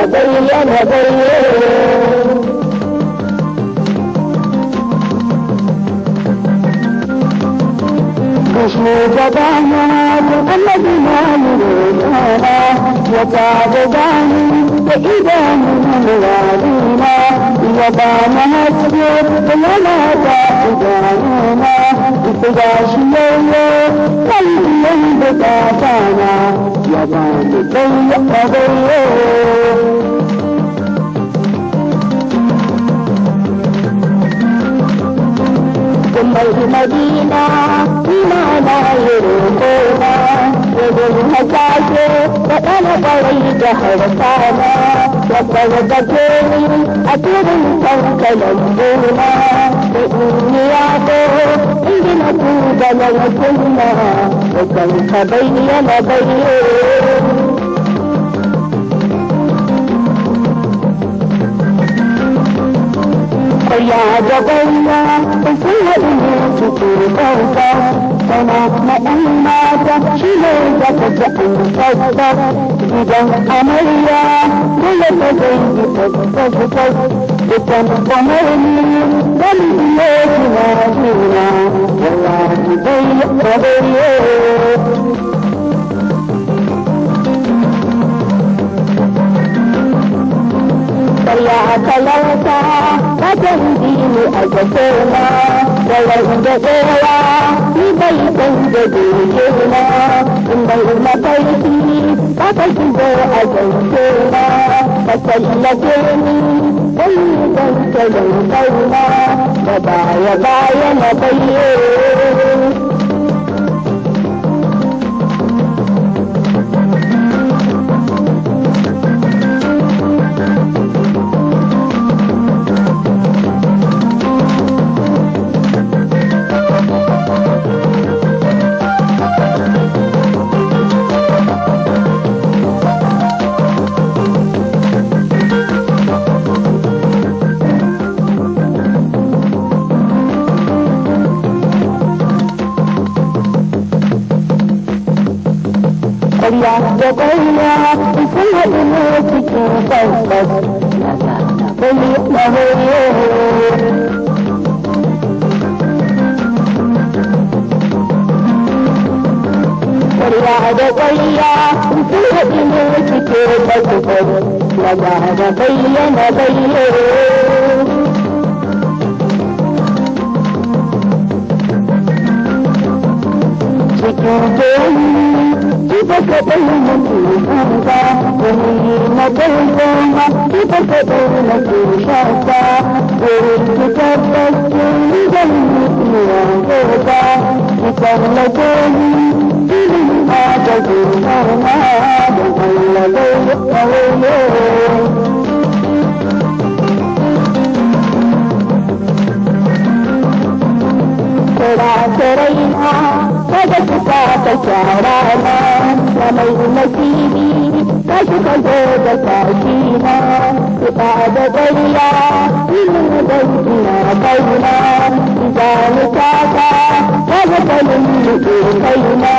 هبين هبين مشهود بانات الذين يريدنا وتعبدان بإذا من الوالينا وبانها سجود ولا تعبداننا بتجاشينا قلبي بتعبانا يبان بي أبيه mai madina ina na yi roƙona ya gudu hasashe da ɗana ƙwarai da harsana da fargake ni a turin kankanan gona da in yi yaƙo in gina tuba na wasu na da kanka bayyana bayyana karya da banya da sun haɗu ne cikin kanka sana na mata shi ne da ta ji an sauka gidan amarya dole ka zai yi tattattattau dukan umarni wani biyo kina juna yawa ki zai yi Aya a talauta wajen dini a gasona da wanda tsowa ni bai san da dokena in bai mafarki ba ka shigo a gaskena ka tallafe ni zan yi zan na. da baya baya na bayyana da ƙwaina sun haɗu ne cikin da ƙwarya sun haɗu ne cikin tabbas da bayyana bayyana Thank you. तेरा तेरा kada ki sa ta kyara na da mai nasibi ta shi ka zo da tashi na kuɗa da gariya ilimin dangi na kaina idanu ta ta ta ga kalin da ke na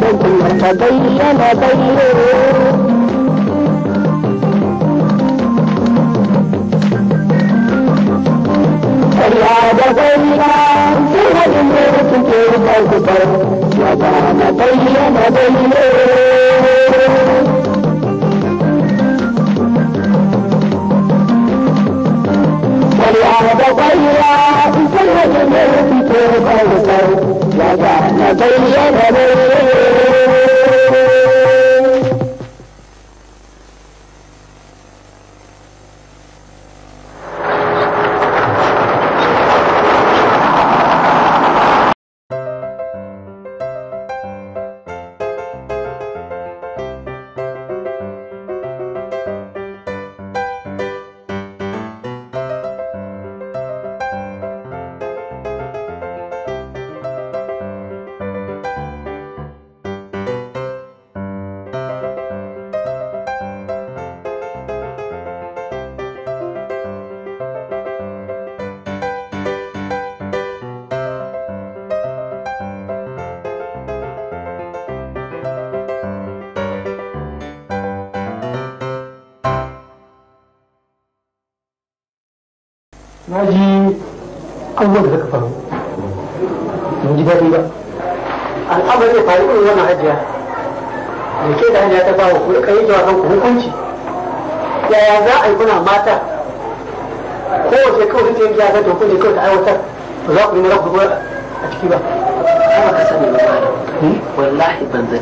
da ta bayyana bayyana da gwamna sun haɗin ne da suke rikar kusur ya ba na bayyana bayyana da kwaiwa sun haɗin ne da suke rikar kusur ya na bayyana bayyana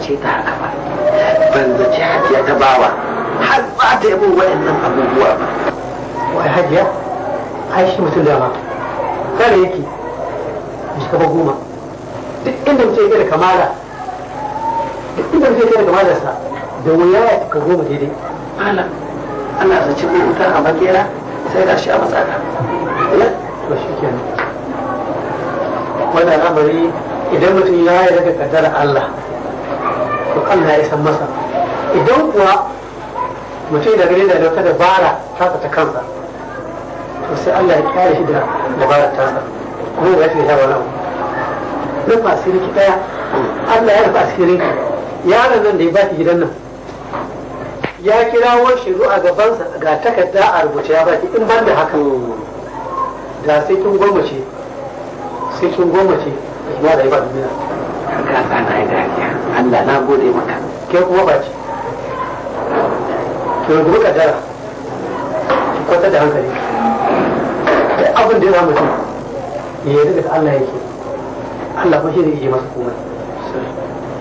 ce ta haka ba ban zaci hajiya ta bawa har ba ta yabo waɗannan abubuwa ba wai hajiya ai shi mutum ma kare yake shi kaba goma duk inda mutum yake da kamala duk inda mutum yake da sa, da wuya ya ka goma daidai ala ana zace ko wuta a bakera sai ga shi a matsaka eh, to shi kenan wannan amari idan mutum ya yi daga kaddara Allah Allah ya san masa idan kuwa mutum da gani da wata dabara ta ta kansa to sai Allah ya kare shi da dabarar tasa kuma ya fi shawa ba rufa asiri daya Allah ya rufa asirin ka yaron nan da ya baki gidan nan ya kirawo shiru a gabansa ga takarda a rubuce ya baki in ban da haka da sai kin gwammace sai kin gwammace ya da ya ba duniya ka sa na dariya Allah na gode maka ke kuma ba ce to da hankali duk abin da ya samu mutum ya yarda da Allah yake Allah fa shi ne yake masa komai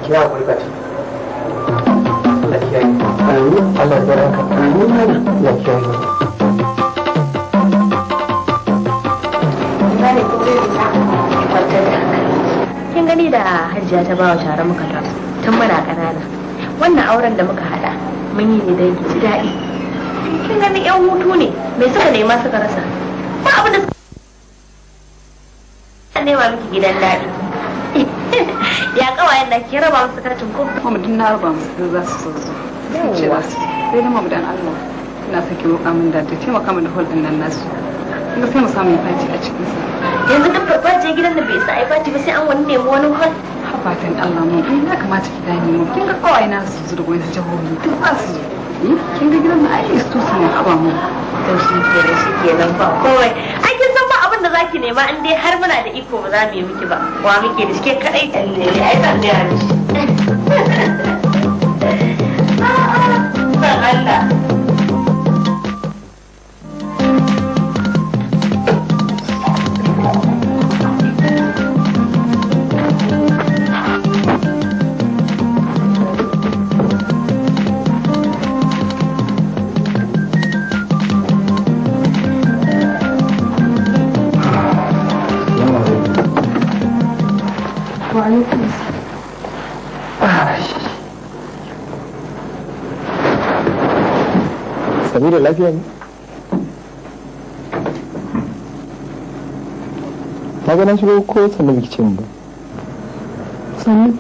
ki ya kuri kace Allah ya ranka amin ya kiyaye Thank you. kin gani da hajiya ta bawa tare muka ta tun muna ƙanana wannan auren da muka haɗa mun yi ne don ki ji daɗi kin gani yan hutu ne mai suka nema suka rasa ba abin da suka nema miki gidan daɗi ya kawayen da ke raba musu katin ko kuma mutum na raba musu za su so su cewa sai na mabudan Allah ina sake roƙa min da ta taimaka min da hol din nan nasu kuma sai mu samu faci a cikin sa yanzu farfaje gidan da bai sa ai faci ba sai an wani nemi wani hol fatan Allah mu in eh, ya kamata ki gane mu kin ga kawai na su zuru wani jihohi duk ba su eh, kin ga gidan da ai isto su ne haba mu to shi ke da shi ke nan ba kawai ai kin san ba abin da zaki nema in dai har muna da iko ba za mu yi miki ba wa muke da shi ke kadai ne eh, ai ban da yaro Allah lafiya ne ta gana shigo ko sannan biki ce ba sannan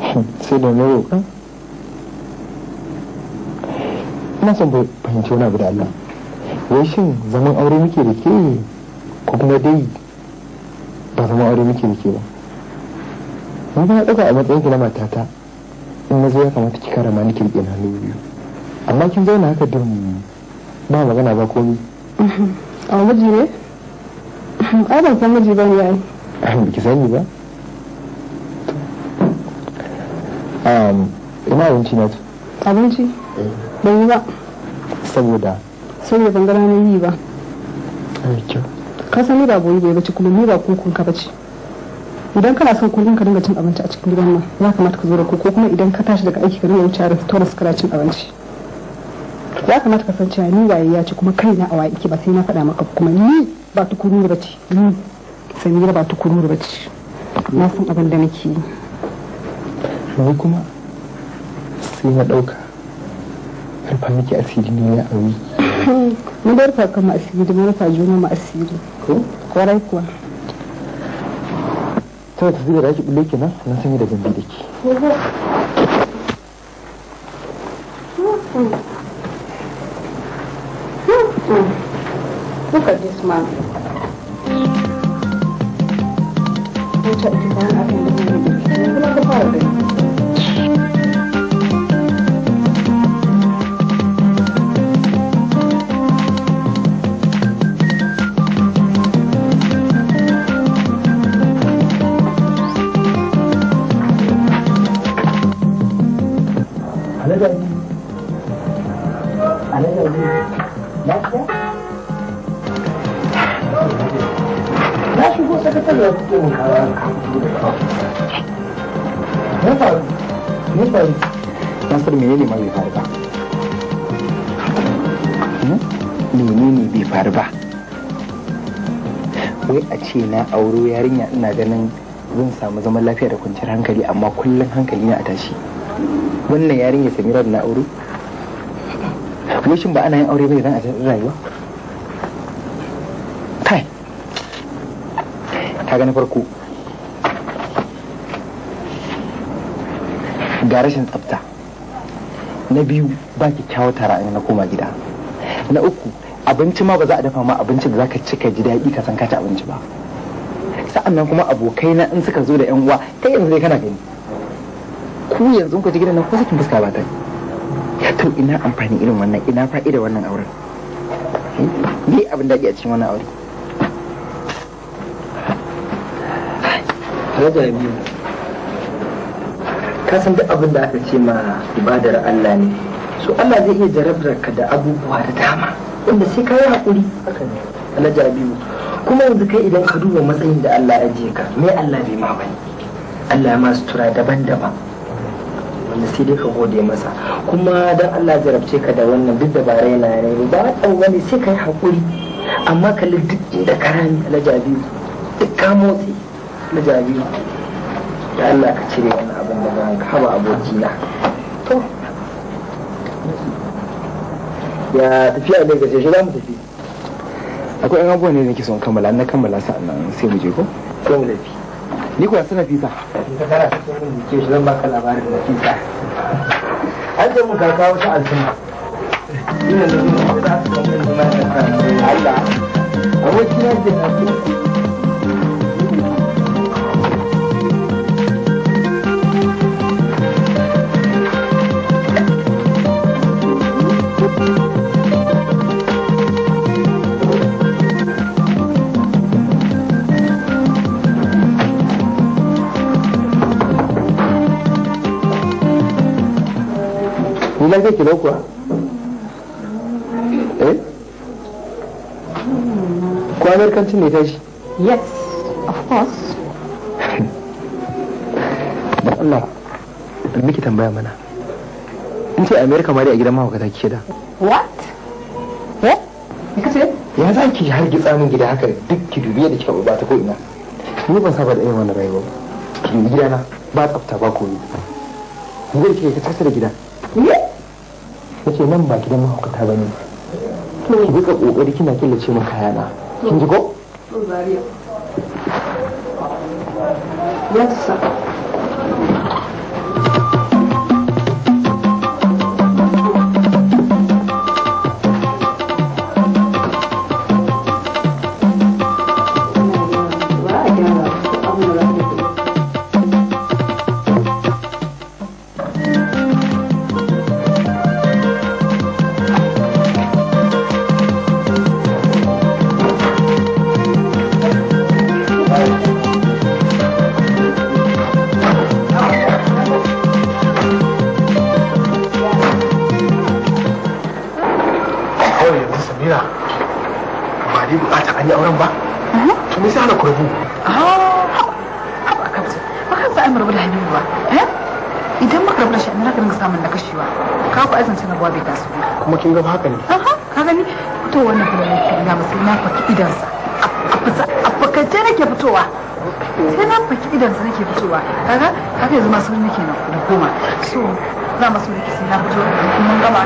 hmm, sai da na roƙa ina son fahimci wani abu da Allah wai shin zaman aure muke da ke ko kuma dai ba zaman aure muke da ke ba ni ba na ɗauka a matsayin ki na matata in na zo ya kamata ki kara ma ni kirkin hannu biyu amma kin zauna haka din ba magana ba komi a miji ne a ban san miji ba ne ai ki sani ba um ina abinci na abinci ban yi ba saboda saboda ban gara na yi ba ka san ni ba boye bai bace kuma ni ba kukun ka bace idan kana son kullum ka dinga cin abinci a cikin gidan nan ya kamata ka zo da ko kuma idan ka tashi daga aiki ka dinga wuce a restaurant kana cin abinci ya kamata ka san cewa ni waye ya ci kuma kaina a waye ba sai na faɗa maka kuma ni ba tukuru ba ce ni samira ba tukuru ba ce na san abin da nake yi ni kuma sai na ɗauka rufa miki asiri ne ya aure mun da rufa kama asiri da mun juna ma asiri ko kwarai kuwa ta ta zira ki bulle kenan na sanya da gambi da ke Look at this man. Wuce ake Kuma fara da suke mun ne ma bai faru ba wai a ce na auro yarinya ina ganin zan samu zaman lafiya da kwanciyar hankali amma kullum hankali na a tashi wannan yarinya samira da na auro wai shin ba ana yin aure bai zan a rayuwa kaga na farko ga rashin tsafta na biyu ba kyakkyawar tara na koma gida na uku abinci ma ba za a dafa ma abinci da zaka cika ji daɗi ka san ka abinci ba sa'annan kuma abokai na in suka zo da yan uwa kai yanzu dai kana gani ku yanzu ku ji gidan nan ko sakin fuska ba ta to ina amfani irin wannan ina fa'ida wannan auren hmm? ni abin daɗi a cikin wannan auren. Alhaji Habibu ka san duk abin da aka ce ma ibadar Allah ne so Allah zai iya jarabtar ka da abubuwa da dama wanda sai ka yi haƙuri haka ne Alhaji kuma yanzu kai idan ka duba matsayin da Allah ya je ka me Allah bai ma bane Allah ya ma tura daban-daban wanda sai dai ka gode masa kuma dan Allah jarabce ka da wannan duk dabara yana ne ba dan wani sai yi hakuri amma kalli duk inda ka rami alajabi duk ka motsi na jariri da Allah ka cire wani abin da zan kama abokina to ya tafiya ne gaje shi za mu tafi akwai yan abubuwan ne ke son kammala na kammala nan sai mu je ko sai mu tafi ni kuwa ka kana cikin jike shi zan baka labarin da fisa an je mu kaka wata alsuma ina da zuwa da su na da Allah abokina da kafin lafiya ki kuwa eh ko ne tashi yes of course da Allah miki tambaya mana in ce amerika ma dai a gidan mahaukata ke da what eh ya za ki har gitsa min gida haka duk ki dubi da kika ba ta ko ina ni ban saba da irin wannan rayuwa ki dubi gidana ba tsafta ba komai ni zai ke ka tsafta da gida na nan ba gidan mahaukata ba ne ki duka kokari kina killace min kayana kin ji ko? ya da yanzu masu nake na koma so za masu na fito mun gama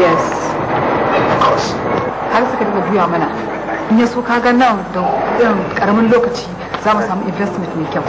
yes har suka biya mana in ya so kaga nan da irin karamin lokaci za mu samu investment mai kyau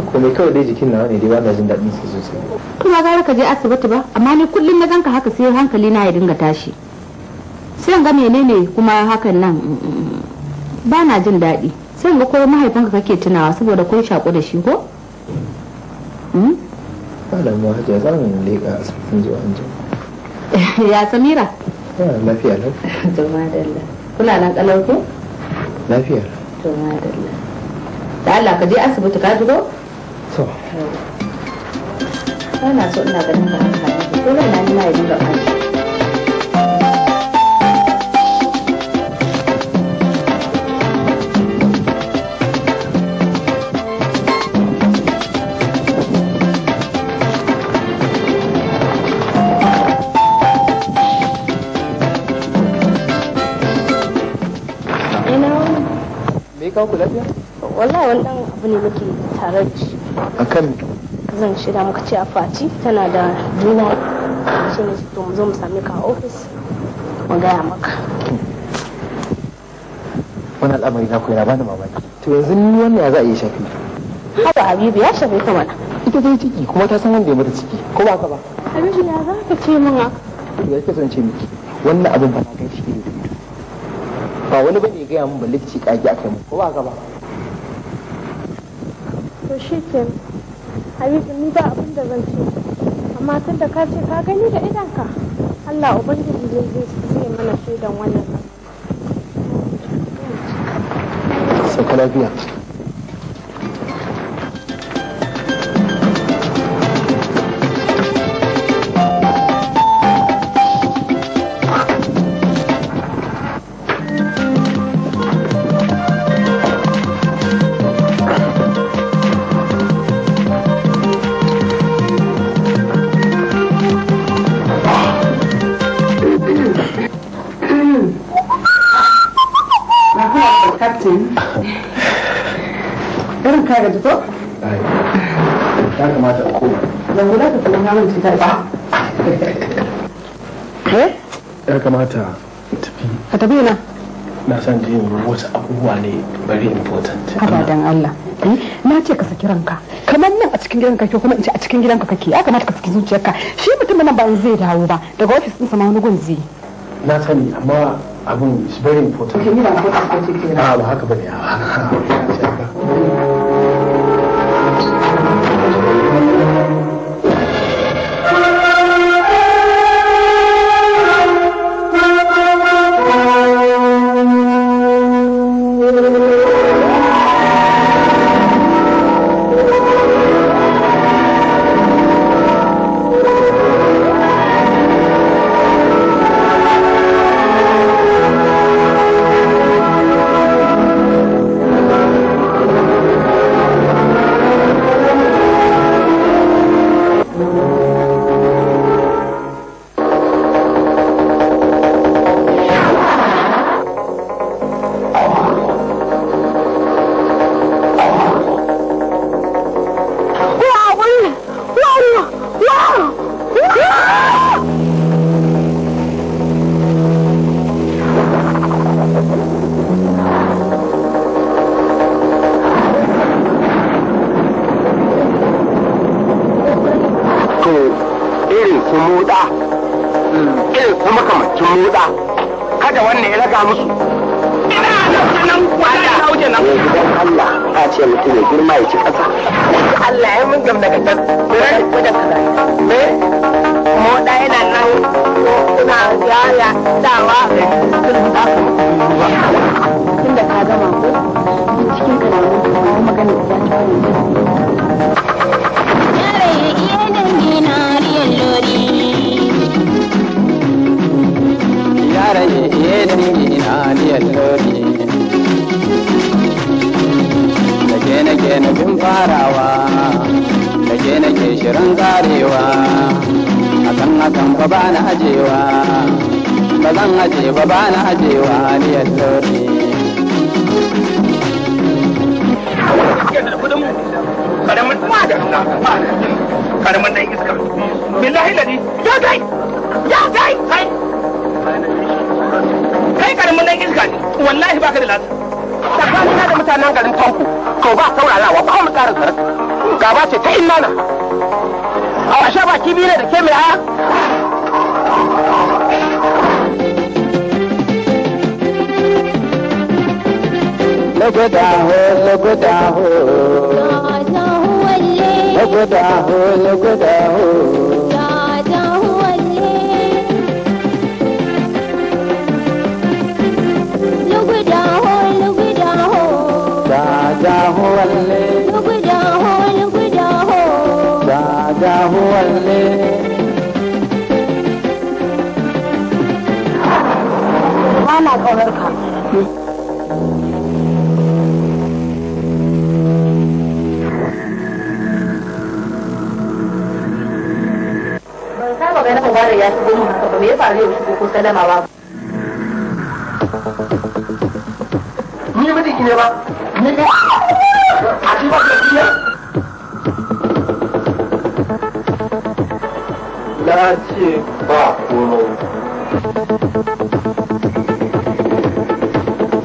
ko komai kawai dai jikin nawa ne dai ba jin daɗin su sosai kuma za ka je asibiti ba amma ni kullum na zanka haka sai hankali na ya dinga tashi sai ga menene kuma hakan nan mm, mm, mm. ba na jin daɗi sai ga kowa mahaifinka kake tunawa saboda kun shaƙo da shi ko Malam Hajiya za mu leƙa asibitin zuwa an Ya Samira? Ya lafiya lau. To madalla. Kuna nan kalau ko? Lafiya. To madalla. Da Allah ka je asibiti ka ji ko? so so ina ganin ba amfani Me ka ku lafiya? Wallahi wannan abu ne muke tare da shi. akan zan shida muka ce a faci tana da juna shi ne to mu zo mu same ka a ofis mu gaya maka wani al'amari na koya na bani mamaki to yanzu ni wannan ya za a yi shafi haba habibu ya shafi ta mana ita ta yi ciki kuma ta san wanda ya mata ciki ko ba ka ba habibu ya za ka ce min haka to ya ke son ce miki wannan abin ba na kai shi ba wani bane ya gaya min ba ci kage akai mu ko ba ka ba to shi ke hayyacin ni ba abin da zan ce amma tun da ka ce ka gani da idanka allah ubangiji zai zai mana shaidan wannan sai ka na mance ta eh ya kamata tafi ka tafi na na san je wasu abubuwa ne very important haba dan Allah eh? na ce ka saki ranka kamar nan a cikin gidan kake kuma in ce a cikin gidanka kake ya kamata ka saki zuciyarka shi mutumin nan ba zai dawo ba daga ofis din sama wani gun na sani amma abun is very important n'a ce ah, ba haka bane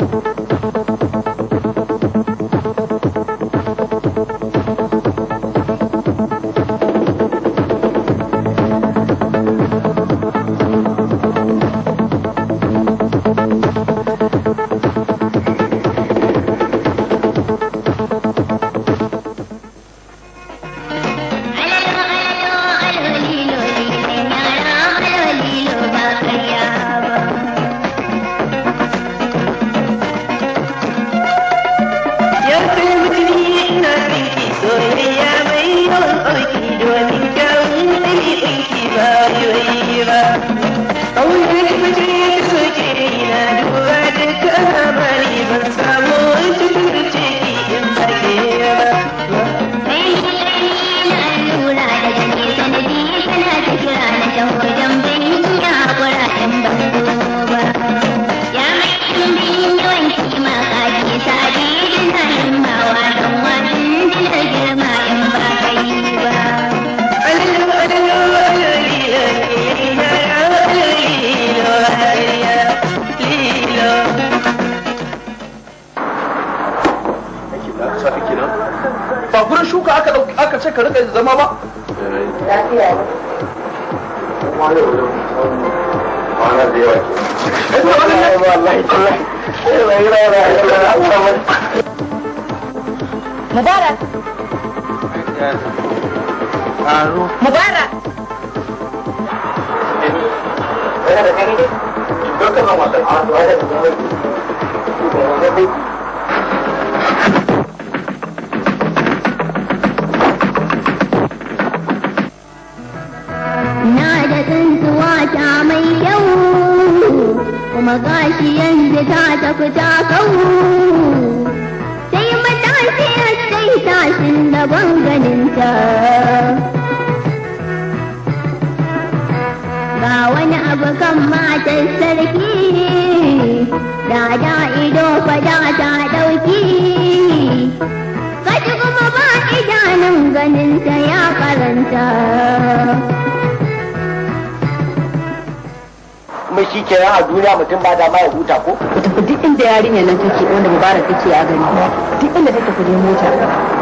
thank you kenan a duniya mutum ba dama ya huta ko duk inda yarinya nan take wanda mubarak take a gani duk inda take kudin mota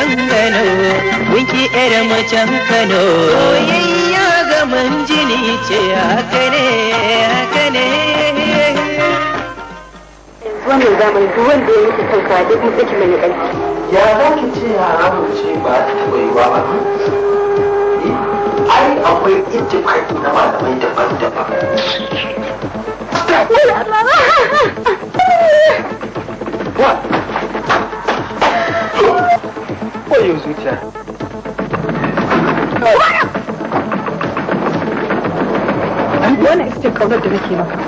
dan Kano mun ki ƴar Kano soyayya ga manjini jini ce haka ne haka ne wannan zamani duk wanda ya mutu kanka duk mun saki mai kanki ya za ki ce rabu ce ba ta taɓa yi ba eh, ai akwai kai. na malamai daban-daban What? wayo zuciya wannan ita ce kaunar da maka